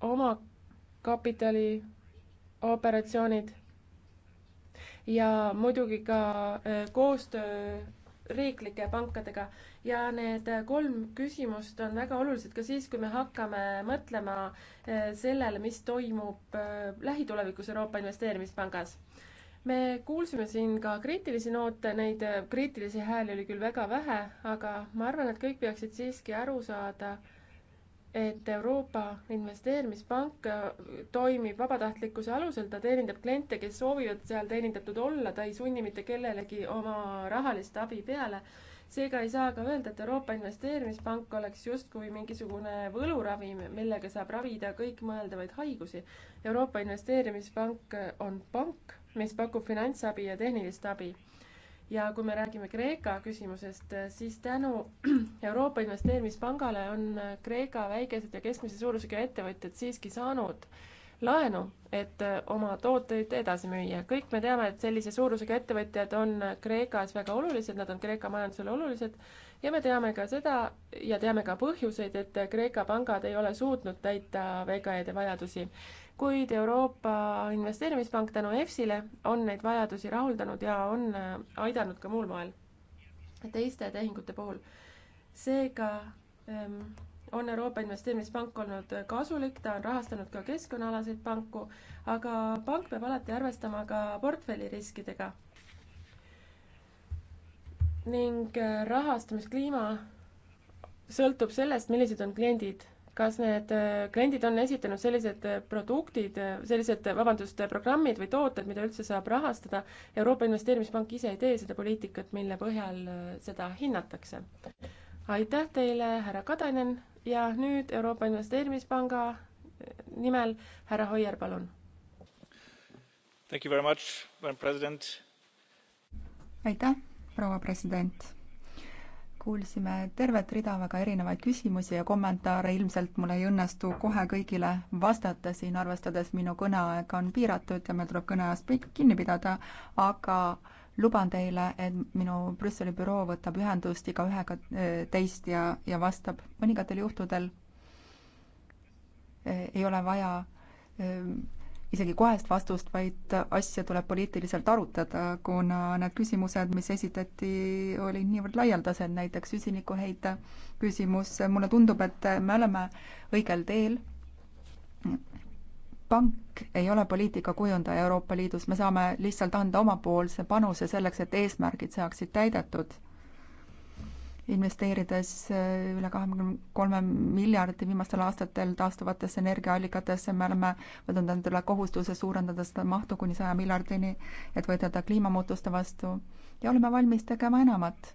omakapitali operatsioonid ja muidugi ka eh, koostöö riiklike pankadega ja need äh, kolm küsimust on väga olulised ka siis, kui me hakkame mõtlema äh, sellele, mis toimub äh, lähitulevikus Euroopa Investeerimispangas me kuulsime siin ka kriitilisi noote, neid kriitilisi hääli oli küll väga vähe, aga ma arvan, et kõik peaksid siiski aru saada, et Euroopa Investeerimispank toimib vabatahtlikkuse alusel, ta teenindab kliente, kes soovivad seal teenindatud olla, ta ei sunni mitte kellelegi oma rahalist abi peale seega ei saa ka öelda, et Euroopa Investeerimispank oleks justkui mingisugune võluravim, millega saab ravida kõikmõeldavaid haigusi. Euroopa Investeerimispank on pank, mis pakub finantsabi ja tehnilist abi. ja kui me räägime Kreeka küsimusest, siis tänu Euroopa Investeerimispangale on Kreeka väikesed ja keskmise suurusega ettevõtjad siiski saanud äh, laenu, et äh, oma tooteid edasi müüa. kõik me teame, et sellise suurusega ettevõtjad on Kreekas väga olulised, nad on Kreeka majandusele olulised ja me teame ka seda ja teame ka põhjuseid, et Kreeka pangad ei ole suutnud täita VKE-de vajadusi. kuid Euroopa Investeerimispank tänu EFSile on neid vajadusi rahuldanud ja on äh, aidanud ka muul moel teiste tehingute puhul. seega ähm, on Euroopa Investeerimispank olnud kasulik, ta on rahastanud ka keskkonnaalaseid panku, aga pank peab alati arvestama ka portfelliriskidega. ning äh, rahastamiskliima sõltub sellest, millised on kliendid kas need äh, kliendid on esitanud sellised äh, produktid, sellised, vabandust, programmid või tooted, mida üldse saab rahastada. Euroopa Investeerimispank ise ei tee seda poliitikat, mille põhjal seda hinnatakse. aitäh teile, härra Kadanen ja nüüd Euroopa Investeerimispanga nimel härra Hoier, palun. aitäh, proua president kuulsime tervet rida väga erinevaid küsimusi ja kommentaare, ilmselt mul ei õnnestu kohe kõigile vastata siin, arvestades minu kõneaeg on piiratud ja meil tuleb kõneajast kinni pidada, aga luban teile, et minu Brüsseli büroo võtab ühendust igaühega äh, teist ja, ja vastab. mõningatel juhtudel äh, ei ole vaja äh, isegi kohest vastust, vaid asja tuleb poliitiliselt arutada, kuna need küsimused, mis esitati, olid niivõrd laialdased, näiteks süsinikuheite küsimus, mulle tundub, et me oleme õigel teel pank ei ole poliitikakujundaja Euroopa Liidus, me saame lihtsalt anda omapoolse panuse selleks, et eesmärgid saaksid täidetud. investeerides äh, üle kahekümne kolme miljardi viimastel aastatel taastuvatesse energiaallikatesse, me oleme võtnud endale kohustuse suurendada seda mahtu kuni saja miljardini, et võidelda kliimamuutuste vastu ja oleme valmis tegema enamat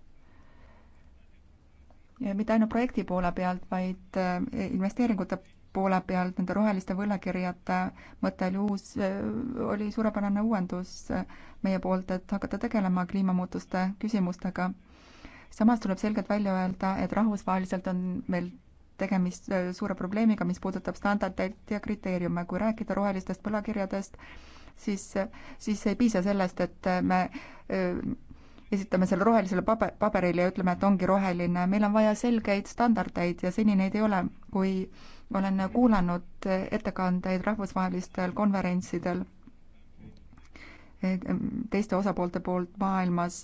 ja mitte ainult projekti poole pealt, vaid äh, investeeringute poole pealt nende roheliste võlakirjade mõte oli uus, äh, oli suurepärane uuendus äh, meie poolt, et hakata tegelema kliimamuutuste küsimustega. samas tuleb selgelt välja öelda, et rahvusvaheliselt on meil tegemist äh, suure probleemiga, mis puudutab standardeid ja kriteeriume, kui rääkida rohelistest võlakirjadest, siis, siis ei piisa sellest, et me esitame selle rohelisele paber, paberile ja ütleme, et ongi roheline, meil on vaja selgeid standardeid ja seni neid ei ole. kui ma olen kuulanud ettekandeid rahvusvahelistel konverentsidel mm, teiste osapoolte poolt maailmas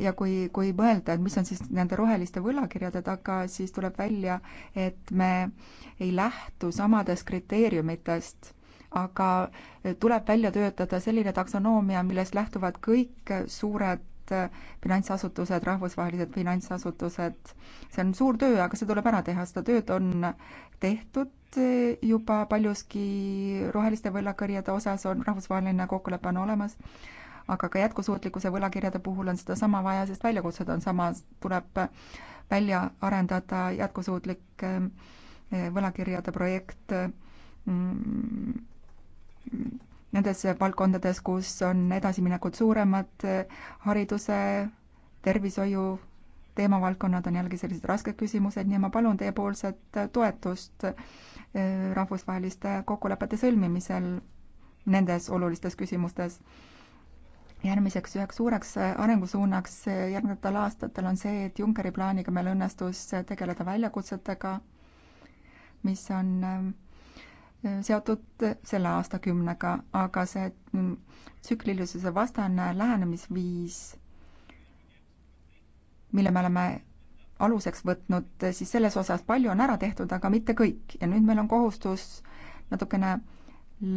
ja kui, kui mõelda, et mis on siis nende roheliste võlakirjade taga, siis tuleb välja, et me ei lähtu samadest kriteeriumitest, aga tuleb välja töötada selline taksonoomia, millest lähtuvad kõik suured Äh, finantsasutused, rahvusvahelised finantsasutused, see on suur töö, aga see tuleb ära teha, seda tööd on tehtud äh, juba paljuski roheliste võlakõrjede osas on rahvusvaheline kokkulepe on olemas, aga ka jätkusuutlikkuse võlakirjade puhul on sedasama vaja, sest väljakutsed on samad, tuleb välja arendada jätkusuutlik äh, võlakirjade projekt mm, nendes valdkondades, kus on edasiminekud suuremad, hariduse, tervishoiu teemavaldkonnad on jällegi sellised rasked küsimused, nii et ma palun teiepoolset toetust eh, rahvusvaheliste kokkulepete sõlmimisel nendes olulistes küsimustes. järgmiseks üheks suureks eh, arengusuunaks eh, järgnevatel aastatel on see, et Junckeri plaaniga meil õnnestus tegeleda väljakutsetega, mis on Mm, seotud selle aastakümnega, aga see mm, tsüklilisuse vastane lähenemisviis, mille me oleme aluseks võtnud, siis selles osas palju on ära tehtud, aga mitte kõik ja nüüd meil on kohustus natukene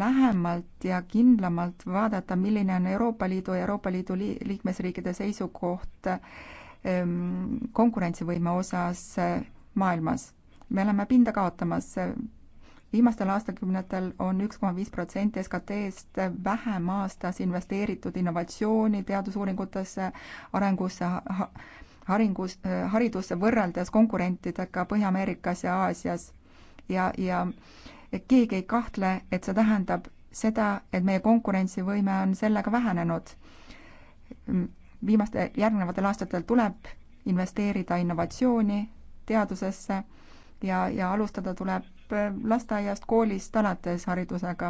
lähemalt ja kindlamalt vaadata, milline on Euroopa Liidu ja Euroopa Liidu liikmesriikide seisukoht ehm, konkurentsivõime osas eh, maailmas. me oleme pinda kaotamas eh, viimastel aastakümnetel on üks koma viis protsenti SKT-st vähem aastas investeeritud innovatsiooni, teadusuuringutesse, arengusse, haringus, haridusse võrreldes konkurentidega Põhja-Ameerikas ja Aasias. ja, ja keegi ei kahtle, et see tähendab seda, et meie konkurentsivõime on sellega vähenenud. viimaste, järgnevatel aastatel tuleb investeerida innovatsiooni, teadusesse ja, ja alustada tuleb Äh, lasteaiast, koolist alates haridusega.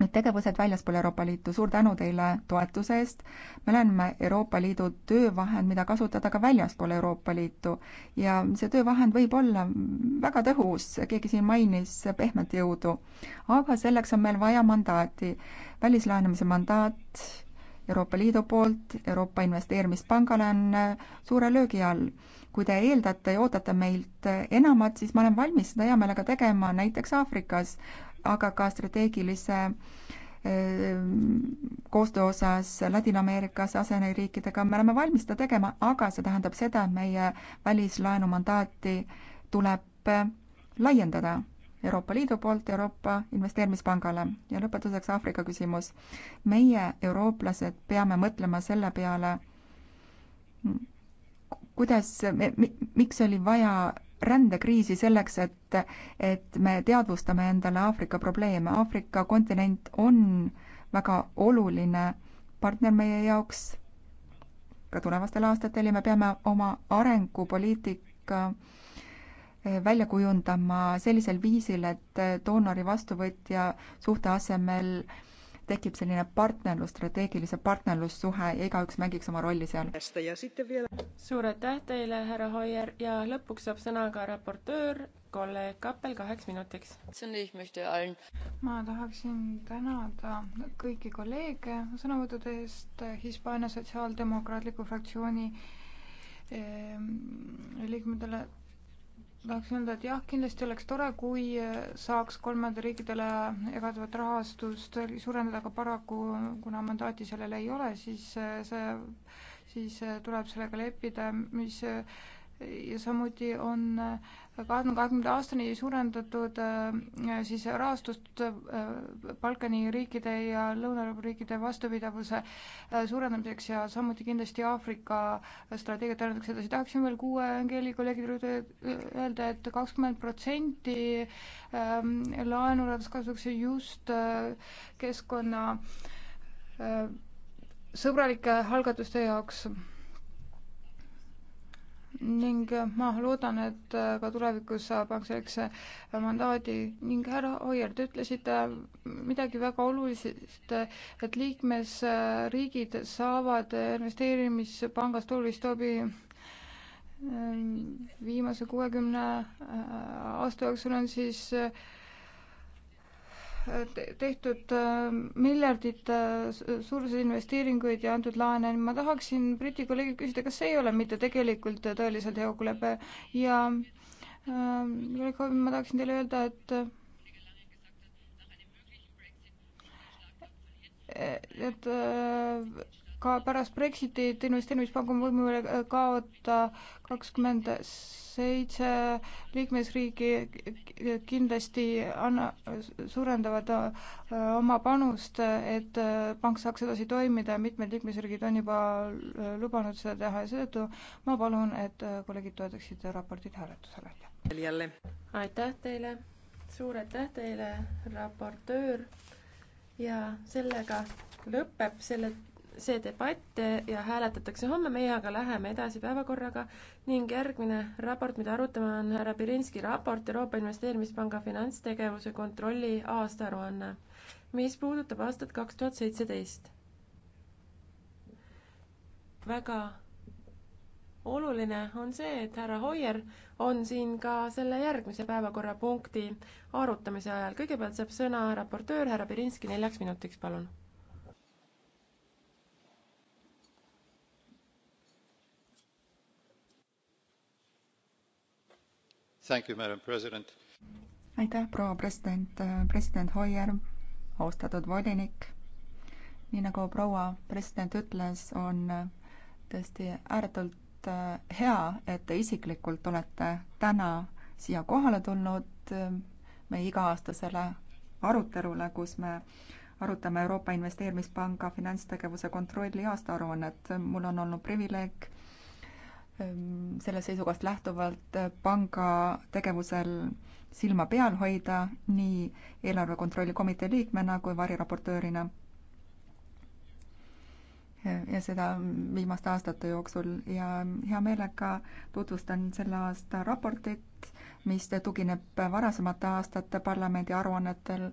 Need tegevused väljaspool Euroopa Liitu, suur tänu teile toetuse eest. me oleme Euroopa Liidu töövahend, mida kasutada ka väljaspool Euroopa Liitu ja see töövahend võib olla väga tõhus, keegi siin mainis pehmet jõudu. aga selleks on meil vaja mandaati, välislaenamise mandaat Euroopa Liidu poolt, Euroopa Investeerimispangale on äh, suure löögi all. kui te eeldate ja ootate meilt äh, enamat, siis ma olen valmis seda hea meelega tegema näiteks Aafrikas, aga ka strateegilise äh, koostöö osas Ladina-Ameerikas aseneriikidega, me oleme valmis seda tegema, aga see tähendab seda, et meie välislaenu mandaati tuleb laiendada Euroopa Liidu poolt Euroopa Investeerimispangale. ja lõpetuseks Aafrika küsimus. meie, eurooplased, peame mõtlema selle peale, kuidas, miks oli vaja rändekriisi selleks, et, et me teadvustame endale Aafrika probleeme. Aafrika kontinent on väga oluline partner meie jaoks ka tulevastel aastatel ja me peame oma arengupoliitika äh, Eh, välja kujundama sellisel viisil, et eh, doonori vastuvõtja suhte asemel tekib selline partnerlus, strateegilise partnerlussuhe ja igaüks mängiks oma rolli seal. suur aitäh teile, härra Hoier ja lõpuks saab sõna ka raportöör, kolleeg Kappel kaheks minutiks. ma tahaksin tänada kõiki kolleege sõnavõttude eest Hispaania Sotsiaaldemokraatliku fraktsiooni eh, liikmetele tahaks öelda, et jah, kindlasti oleks tore, kui äh, saaks kolmandale riikidele jagatavat rahastust suurendada, aga paraku kuna mandaati sellele ei ole, siis äh, see, siis äh, tuleb sellega leppida, mis ja samuti on äh, kahe tuhande kahekümnenda aastani suurendatud äh, siis rahastust äh, Balkani riikide ja Lõuna-Euroopa riikide vastupidavuse suurendamiseks ja samuti kindlasti Aafrika strateegiat arendatakse edasi. tahaksin veel kuue Angeli kolleegidele öelda, et kakskümmend protsenti ähm, laenurahast kasutatakse just keskkonna sõbralike algatuste jaoks ning äh, ma loodan, et äh, ka tulevikus saab Akseliks äh, mandaadi ning härra Hoier, te ütlesite midagi väga olulist, et liikmesriigid saavad investeerimispangast olulist abi viimase kuuekümne aasta jooksul on siis tehtud äh, miljardite äh, suuruses investeeringuid ja antud laene, ma tahaksin Briti kolleegilt küsida, kas see ei ole mitte tegelikult tõeliselt heakolepe ja äh, ma tahaksin teile öelda, et et äh, ka pärast Brexitit investeerimispanga võimule kaota kakskümmend seitse liikmesriigi kindlasti anna, suurendavad äh, oma panust, et äh, pank saaks edasi toimida ja mitmed liikmesriigid on juba äh, lubanud seda teha ja seetõttu ma palun, et kolleegid toetaksid raportit hääletusel, aitäh. aitäh teile, suur aitäh teile, raportöör ja sellega lõpeb selle see debatt äh, ja hääletatakse homme, meie aga läheme edasi päevakorraga ning järgmine raport, mida arutame, on härra Pirinski raport Euroopa Investeerimispanga finantstegevuse kontrolli aastaaruanne, mis puudutab aastat kaks tuhat seitseteist. väga oluline on see, et härra Hoier on siin ka selle järgmise päevakorrapunkti arutamise ajal. kõigepealt saab sõna raportöör härra Pirinski neljaks minutiks, palun aitäh, proua president, president Hoier, austatud volinik. nii nagu proua president ütles, on tõesti ääretult äh, hea, et te isiklikult olete täna siia kohale tulnud äh, meie iga-aastasele arutelule, kus me arutame Euroopa Investeerimispanga finantstegevuse kontrolli aastaaruannet. mul on olnud privileeg Ehm, sellest seisukohast lähtuvalt eh, panga tegevusel silma peal hoida nii eelarve kontrolli komitee liikmena kui variraportöörina. Eh, ja seda viimaste aastate jooksul ja hea meelega tutvustan selle aasta raportit, mis tugineb varasemate aastate parlamendi aruannetel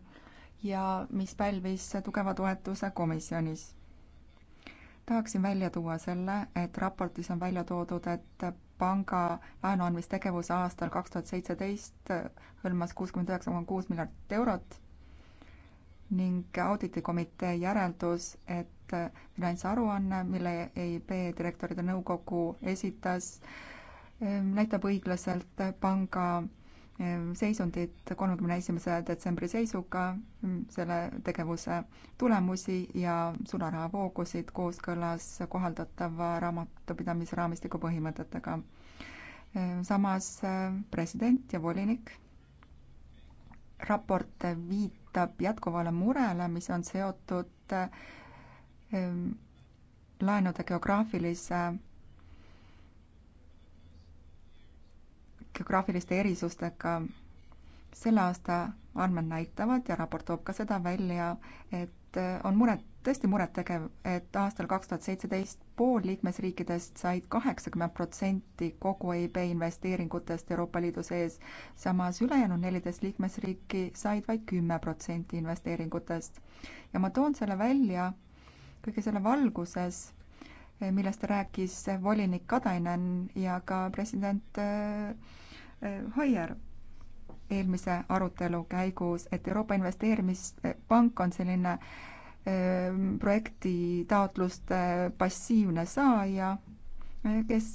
ja mis pälvis tugeva toetuse komisjonis tahaksin välja tuua selle, et raportis on välja toodud, et panga laenuandmistegevus aastal kaks tuhat seitseteist hõlmas kuuskümmend üheksa koma kuus miljardit eurot ning auditikomitee järeldus, et finantsaruanne, mille EIB direktoride nõukogu esitas, näitab õiglaselt panga seisundit kolmekümne esimese detsembri seisuga, mm, selle tegevuse tulemusi ja sularahavoogusid kooskõlas kohaldatava raamatupidamisraamistiku põhimõtetega. samas äh, president ja volinik raport viitab jätkuvale murele, mis on seotud äh, laenude geograafilise geograafiliste erisustega. selle aasta andmed näitavad ja raport toob ka seda välja, et on muret, tõesti murettegev, et aastal kaks tuhat seitseteist pool liikmesriikidest said kaheksakümmend protsenti kogu EIB investeeringutest Euroopa Liidu sees, samas ülejäänud neliteist liikmesriiki said vaid kümme protsenti investeeringutest. ja ma toon selle välja kõige selle valguses, millest rääkis volinik Katainen ja ka president äh, Hoier eelmise arutelu käigus, et Euroopa Investeerimispank on selline projekti taotluste passiivne saaja, kes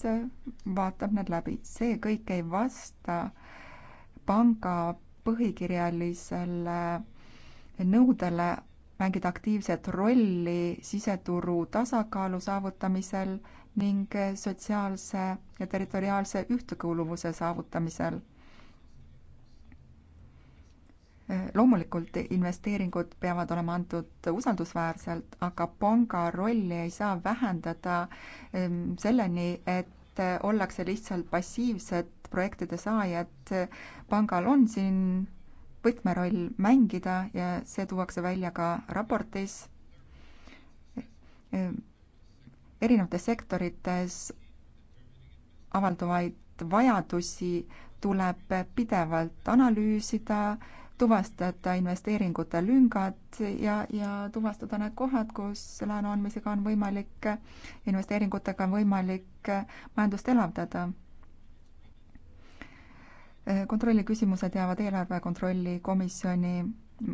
vaatab need läbi. see kõik ei vasta panga põhikirjalisele nõudele mängida aktiivset rolli siseturu tasakaalu saavutamisel ning sotsiaalse ja territoriaalse ühtekuuluvuse saavutamisel. loomulikult investeeringud peavad olema antud usaldusväärselt, aga panga rolli ei saa vähendada ehm, selleni, et ollakse lihtsalt passiivsed projektide saajad. pangal on siin võtmeroll mängida ja see tuuakse välja ka raportis ehm, erinevates sektorites avalduvaid vajadusi tuleb pidevalt analüüsida, tuvastada investeeringute lüngad ja, ja tuvastada need kohad, kus laenu andmisega on võimalik, investeeringutega on võimalik majandust elavdada. kontrolli küsimused jäävad eelarve kontrolli komisjoni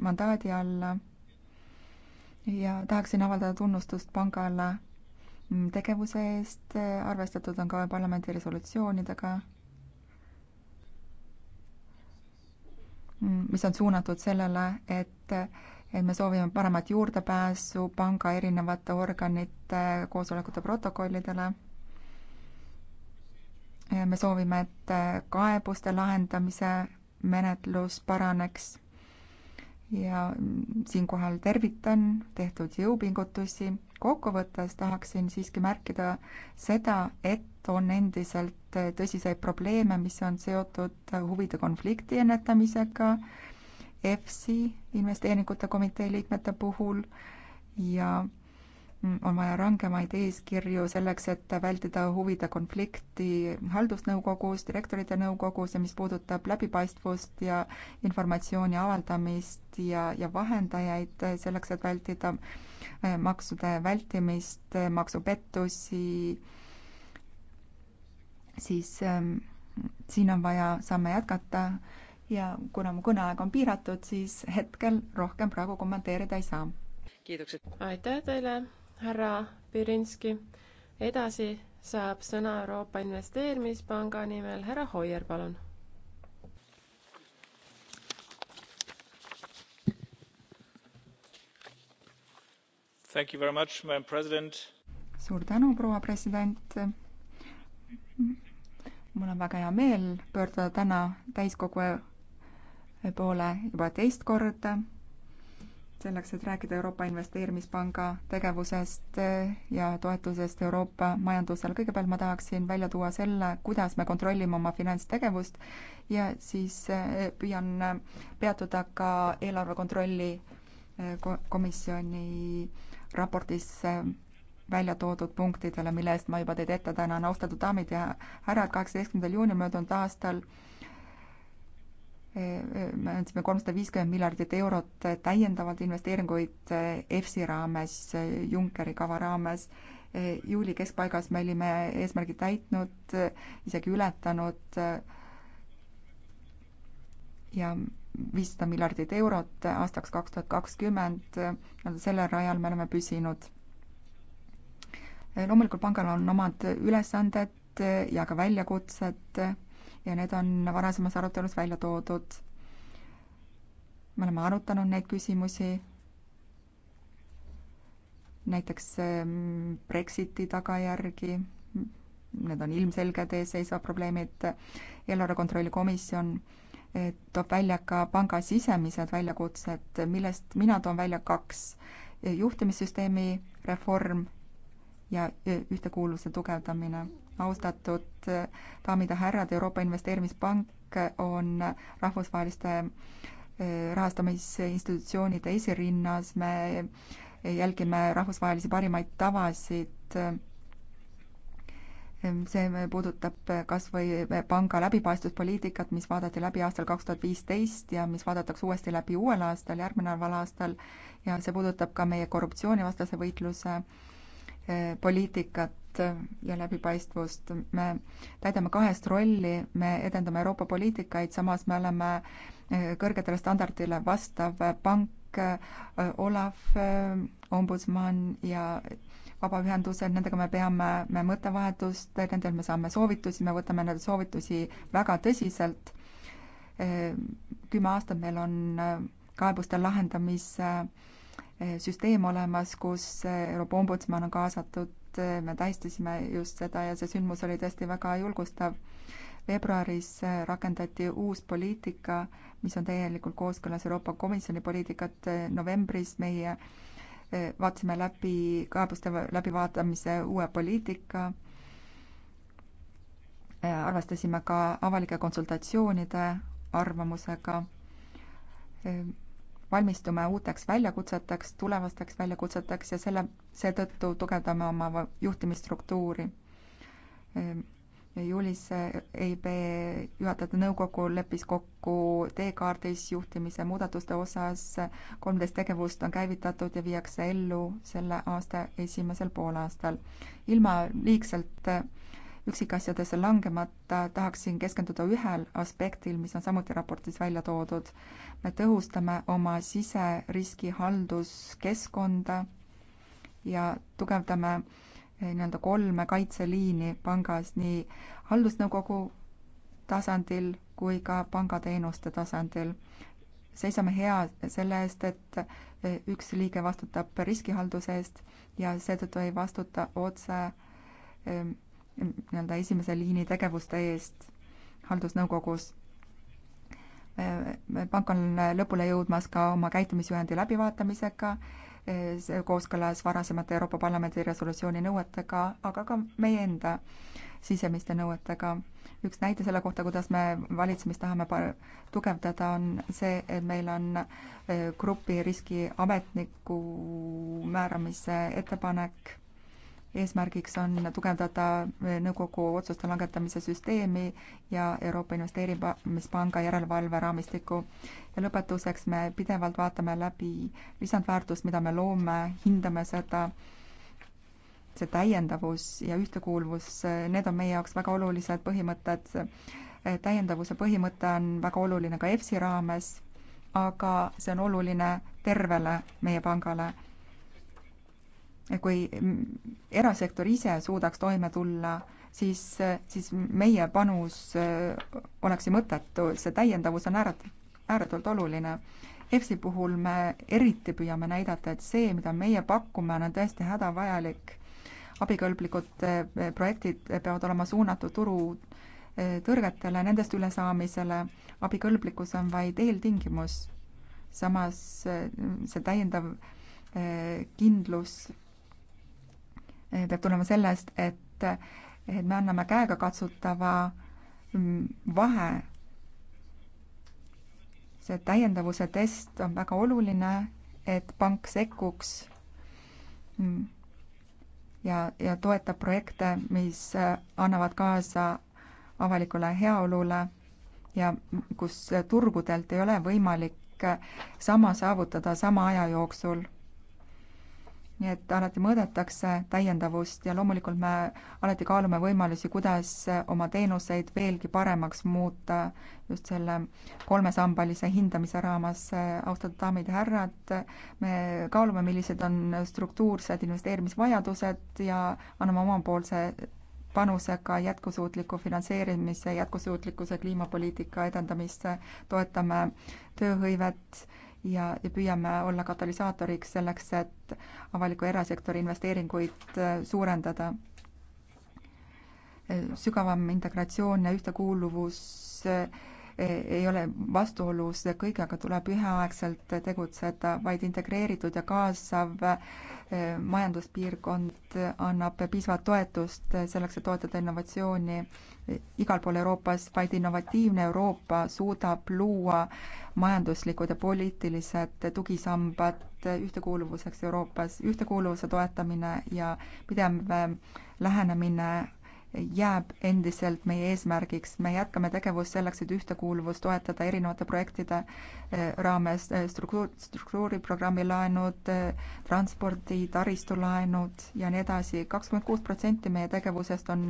mandaadi alla ja tahaksin avaldada tunnustust pangale Mm, tegevuse eest, arvestatud on ka parlamendi resolutsioonidega, mm, mis on suunatud sellele, et, et me soovime paremat juurdepääsu panga erinevate organite koosolekute protokollidele. me soovime, et kaebuste lahendamise menetlus paraneks ja mm, siinkohal tervitan tehtud jõupingutusi. kokkuvõttes tahaksin siiski märkida seda, et on endiselt tõsiseid probleeme, mis on seotud huvide konflikti ennetamisega EFSI investeeringute komitee liikmete puhul ja Mm, on vaja rangemaid eeskirju selleks, et vältida huvide konflikti haldusnõukogus, direktorite nõukogus ja mis puudutab läbipaistvust ja informatsiooni avaldamist ja, ja vahendajaid selleks, et vältida eh, maksude vältimist, eh, maksupettusi, siis ähm, siin on vaja samme jätkata ja kuna mu kõneaeg on piiratud, siis hetkel rohkem praegu kommenteerida ei saa. aitäh teile härra Pirinski. edasi saab sõna Euroopa Investeerimispanga nimel härra Hoier, palun. suur tänu, proua president. mul on väga hea meel pöörduda täna täiskogu poole juba teist korda selleks, et rääkida Euroopa Investeerimispanga tegevusest eh, ja toetusest Euroopa majandusele. kõigepealt ma tahaksin välja tuua selle, kuidas me kontrollime oma finantstegevust ja siis eh, püüan eh, peatuda ka eelarve kontrolli komisjoni raportis välja toodud punktidele, mille eest ma juba teid ette tänan. austatud daamid ja härrad, kaheksateistkümnendal juunil möödunud aastal me andsime kolmsada viiskümmend miljardit eurot täiendavalt investeeringuid eh, EFSI raames, eh, Junckeri kava raames. Eh, juuli keskpaigas me olime eesmärgi täitnud, isegi ületanud ja viissada miljardit eurot aastaks kaks tuhat kakskümmend, sellel rajal me oleme püsinud. loomulikult pangal on omad ülesanded ja ka väljakutsed ja need on varasemas arutelus välja toodud. me oleme arutanud neid küsimusi, näiteks ehm, Brexiti tagajärgi, need on ilmselged eesseisvad probleemid, eelarve kontrolli komisjon eh, toob välja ka panga sisemised väljakutsed, millest mina toon välja kaks, juhtimissüsteemi reform ja eh, ühtekuuluvuse tugevdamine austatud eh, daamid ja härrad, Euroopa Investeerimispank on rahvusvaheliste eh, rahastamisinstitutsioonide esirinnas, me jälgime rahvusvahelisi parimaid tavasid. Eh, see puudutab kas või panga läbipaistvuspoliitikat, mis vaadati läbi aastal kaks tuhat viisteist ja mis vaadatakse uuesti läbi uuel aastal, järgmineval aastal, ja see puudutab ka meie korruptsioonivastase võitluse poliitikat ja läbipaistvust. me täidame kahest rolli, me edendame Euroopa poliitikaid, samas me oleme eh, kõrgetele standardile vastav pank, eh, Olav, eh, ombudsman ja vabaühendused, nendega me peame, me mõttevahetust, nendel me saame soovitusi, me võtame neid soovitusi väga tõsiselt. kümme aastat meil on kaebuste lahendamise Eh, süsteem olemas, kus eh, Euroopa ombudsman on kaasatud, eh, me tähistasime just seda ja see sündmus oli tõesti väga julgustav. veebruaris rakendati uus poliitika, mis on täielikult kooskõlas Euroopa Komisjoni poliitikat, novembris meie vaatasime läbi kaebuste läbivaatamise uue poliitika, arvestasime ka avalike konsultatsioonide arvamusega valmistume uuteks väljakutseteks, tulevasteks väljakutseteks ja selle, seetõttu tugevdame oma juhtimisstruktuuri. juulis EIB juhatajate nõukogu leppis kokku teekaardis juhtimise muudatuste osas, kolmteist tegevust on käivitatud ja viiakse ellu selle aasta esimesel poolaastal. ilma liigselt üksikasjadesse langemata tahaksin keskenduda ühel aspektil, mis on samuti raportis välja toodud. me tõhustame oma siseriskihalduskeskkonda ja tugevdame eh, nii-öelda kolme kaitseliini pangas nii haldusnõukogu tasandil kui ka pangateenuste tasandil. seisame hea selle eest, et eh, üks liige vastutab riskihalduse eest ja seetõttu ei vastuta otse eh, nii-öelda esimese liini tegevuste eest haldusnõukogus. Äh, pank on lõpule jõudmas ka oma käitumisjuhendi läbivaatamisega, äh, kooskõlas varasemate Euroopa Parlamendi resolutsiooni nõuetega, aga ka meie enda sisemiste nõuetega. üks näide selle kohta, kuidas me valitsemist tahame tugevdada, on see, et meil on äh, grupi riskiametniku määramise ettepanek eesmärgiks on tugevdada nõukogu otsuste langetamise süsteemi ja Euroopa Investeerimispanga järelevalve raamistikku. ja lõpetuseks me pidevalt vaatame läbi lisandväärtust, mida me loome, hindame seda, see täiendavus ja ühtekuuluvus, need on meie jaoks väga olulised põhimõtted. täiendavuse põhimõte on väga oluline ka EFSI raames, aga see on oluline tervele meie pangale kui mm, erasektor ise suudaks toime tulla, siis, siis meie panus äh, oleks ju mõttetu, see täiendavus on ääret-, ääretult oluline. EFSi puhul me eriti püüame näidata, et see, mida meie pakume, on tõesti hädavajalik. abikõlblikud äh, projektid peavad olema suunatud turu äh, tõrgetele, nendest ülesaamisele, abikõlblikkus on vaid eeltingimus. samas see täiendav kindlus Eh, peab tulema sellest, et, et me anname käegakatsutava mm, vahe. see täiendavuse test on väga oluline, et pank sekkuks mm, ja, ja toetab projekte, mis eh, annavad kaasa avalikule heaolule ja kus turgudelt ei ole võimalik eh, sama saavutada sama aja jooksul nii et alati mõõdetakse täiendavust ja loomulikult me alati kaalume võimalusi, kuidas oma teenuseid veelgi paremaks muuta just selle kolmesambalise hindamise raames. austatud daamid ja härrad, me kaalume, millised on struktuursed investeerimisvajadused ja anname omapoolse panuse ka jätkusuutliku finantseerimise, jätkusuutlikkuse kliimapoliitika edendamisse, toetame tööhõivet ja, ja püüame olla katalüsaatoriks selleks, et avaliku erasektori investeeringuid äh, suurendada. Äh, sügavam integratsioon ja ühtekuuluvus äh, ei ole vastuolus kõigega, tuleb üheaegselt tegutseda, vaid integreeritud ja kaasav eh, majanduspiirkond annab piisavat toetust selleks, et toetada innovatsiooni igal pool Euroopas, vaid innovatiivne Euroopa suudab luua majanduslikud ja poliitilised tugisambad ühtekuuluvuseks Euroopas. ühtekuuluvuse toetamine ja pidev lähenemine jääb endiselt meie eesmärgiks. me jätkame tegevust selleks, et ühtekuuluvust toetada erinevate projektide eh, raames, eh, struktuur, struktuuriprogrammi laenud, eh, transpordi, taristulaenud ja nii edasi. kakskümmend kuus protsenti meie tegevusest on,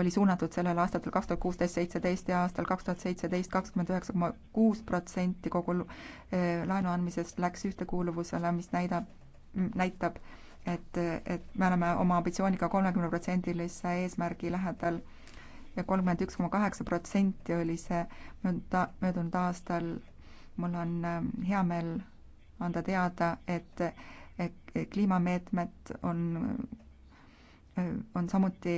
oli suunatud sellel aastatel kaks tuhat kuusteist, seitseteist ja aastal kaks tuhat seitseteist kakskümmend üheksa koma kuus protsenti kogu laenu andmisest läks ühtekuuluvusele, mis näidab, näitab, et, et me oleme oma ambitsiooniga kolmekümneprotsendilise eesmärgi lähedal ja kolmkümmend üks koma kaheksa protsenti oli see möödunud aastal. mul on ähm, hea meel anda teada, et, et kliimameetmed on, äh, on samuti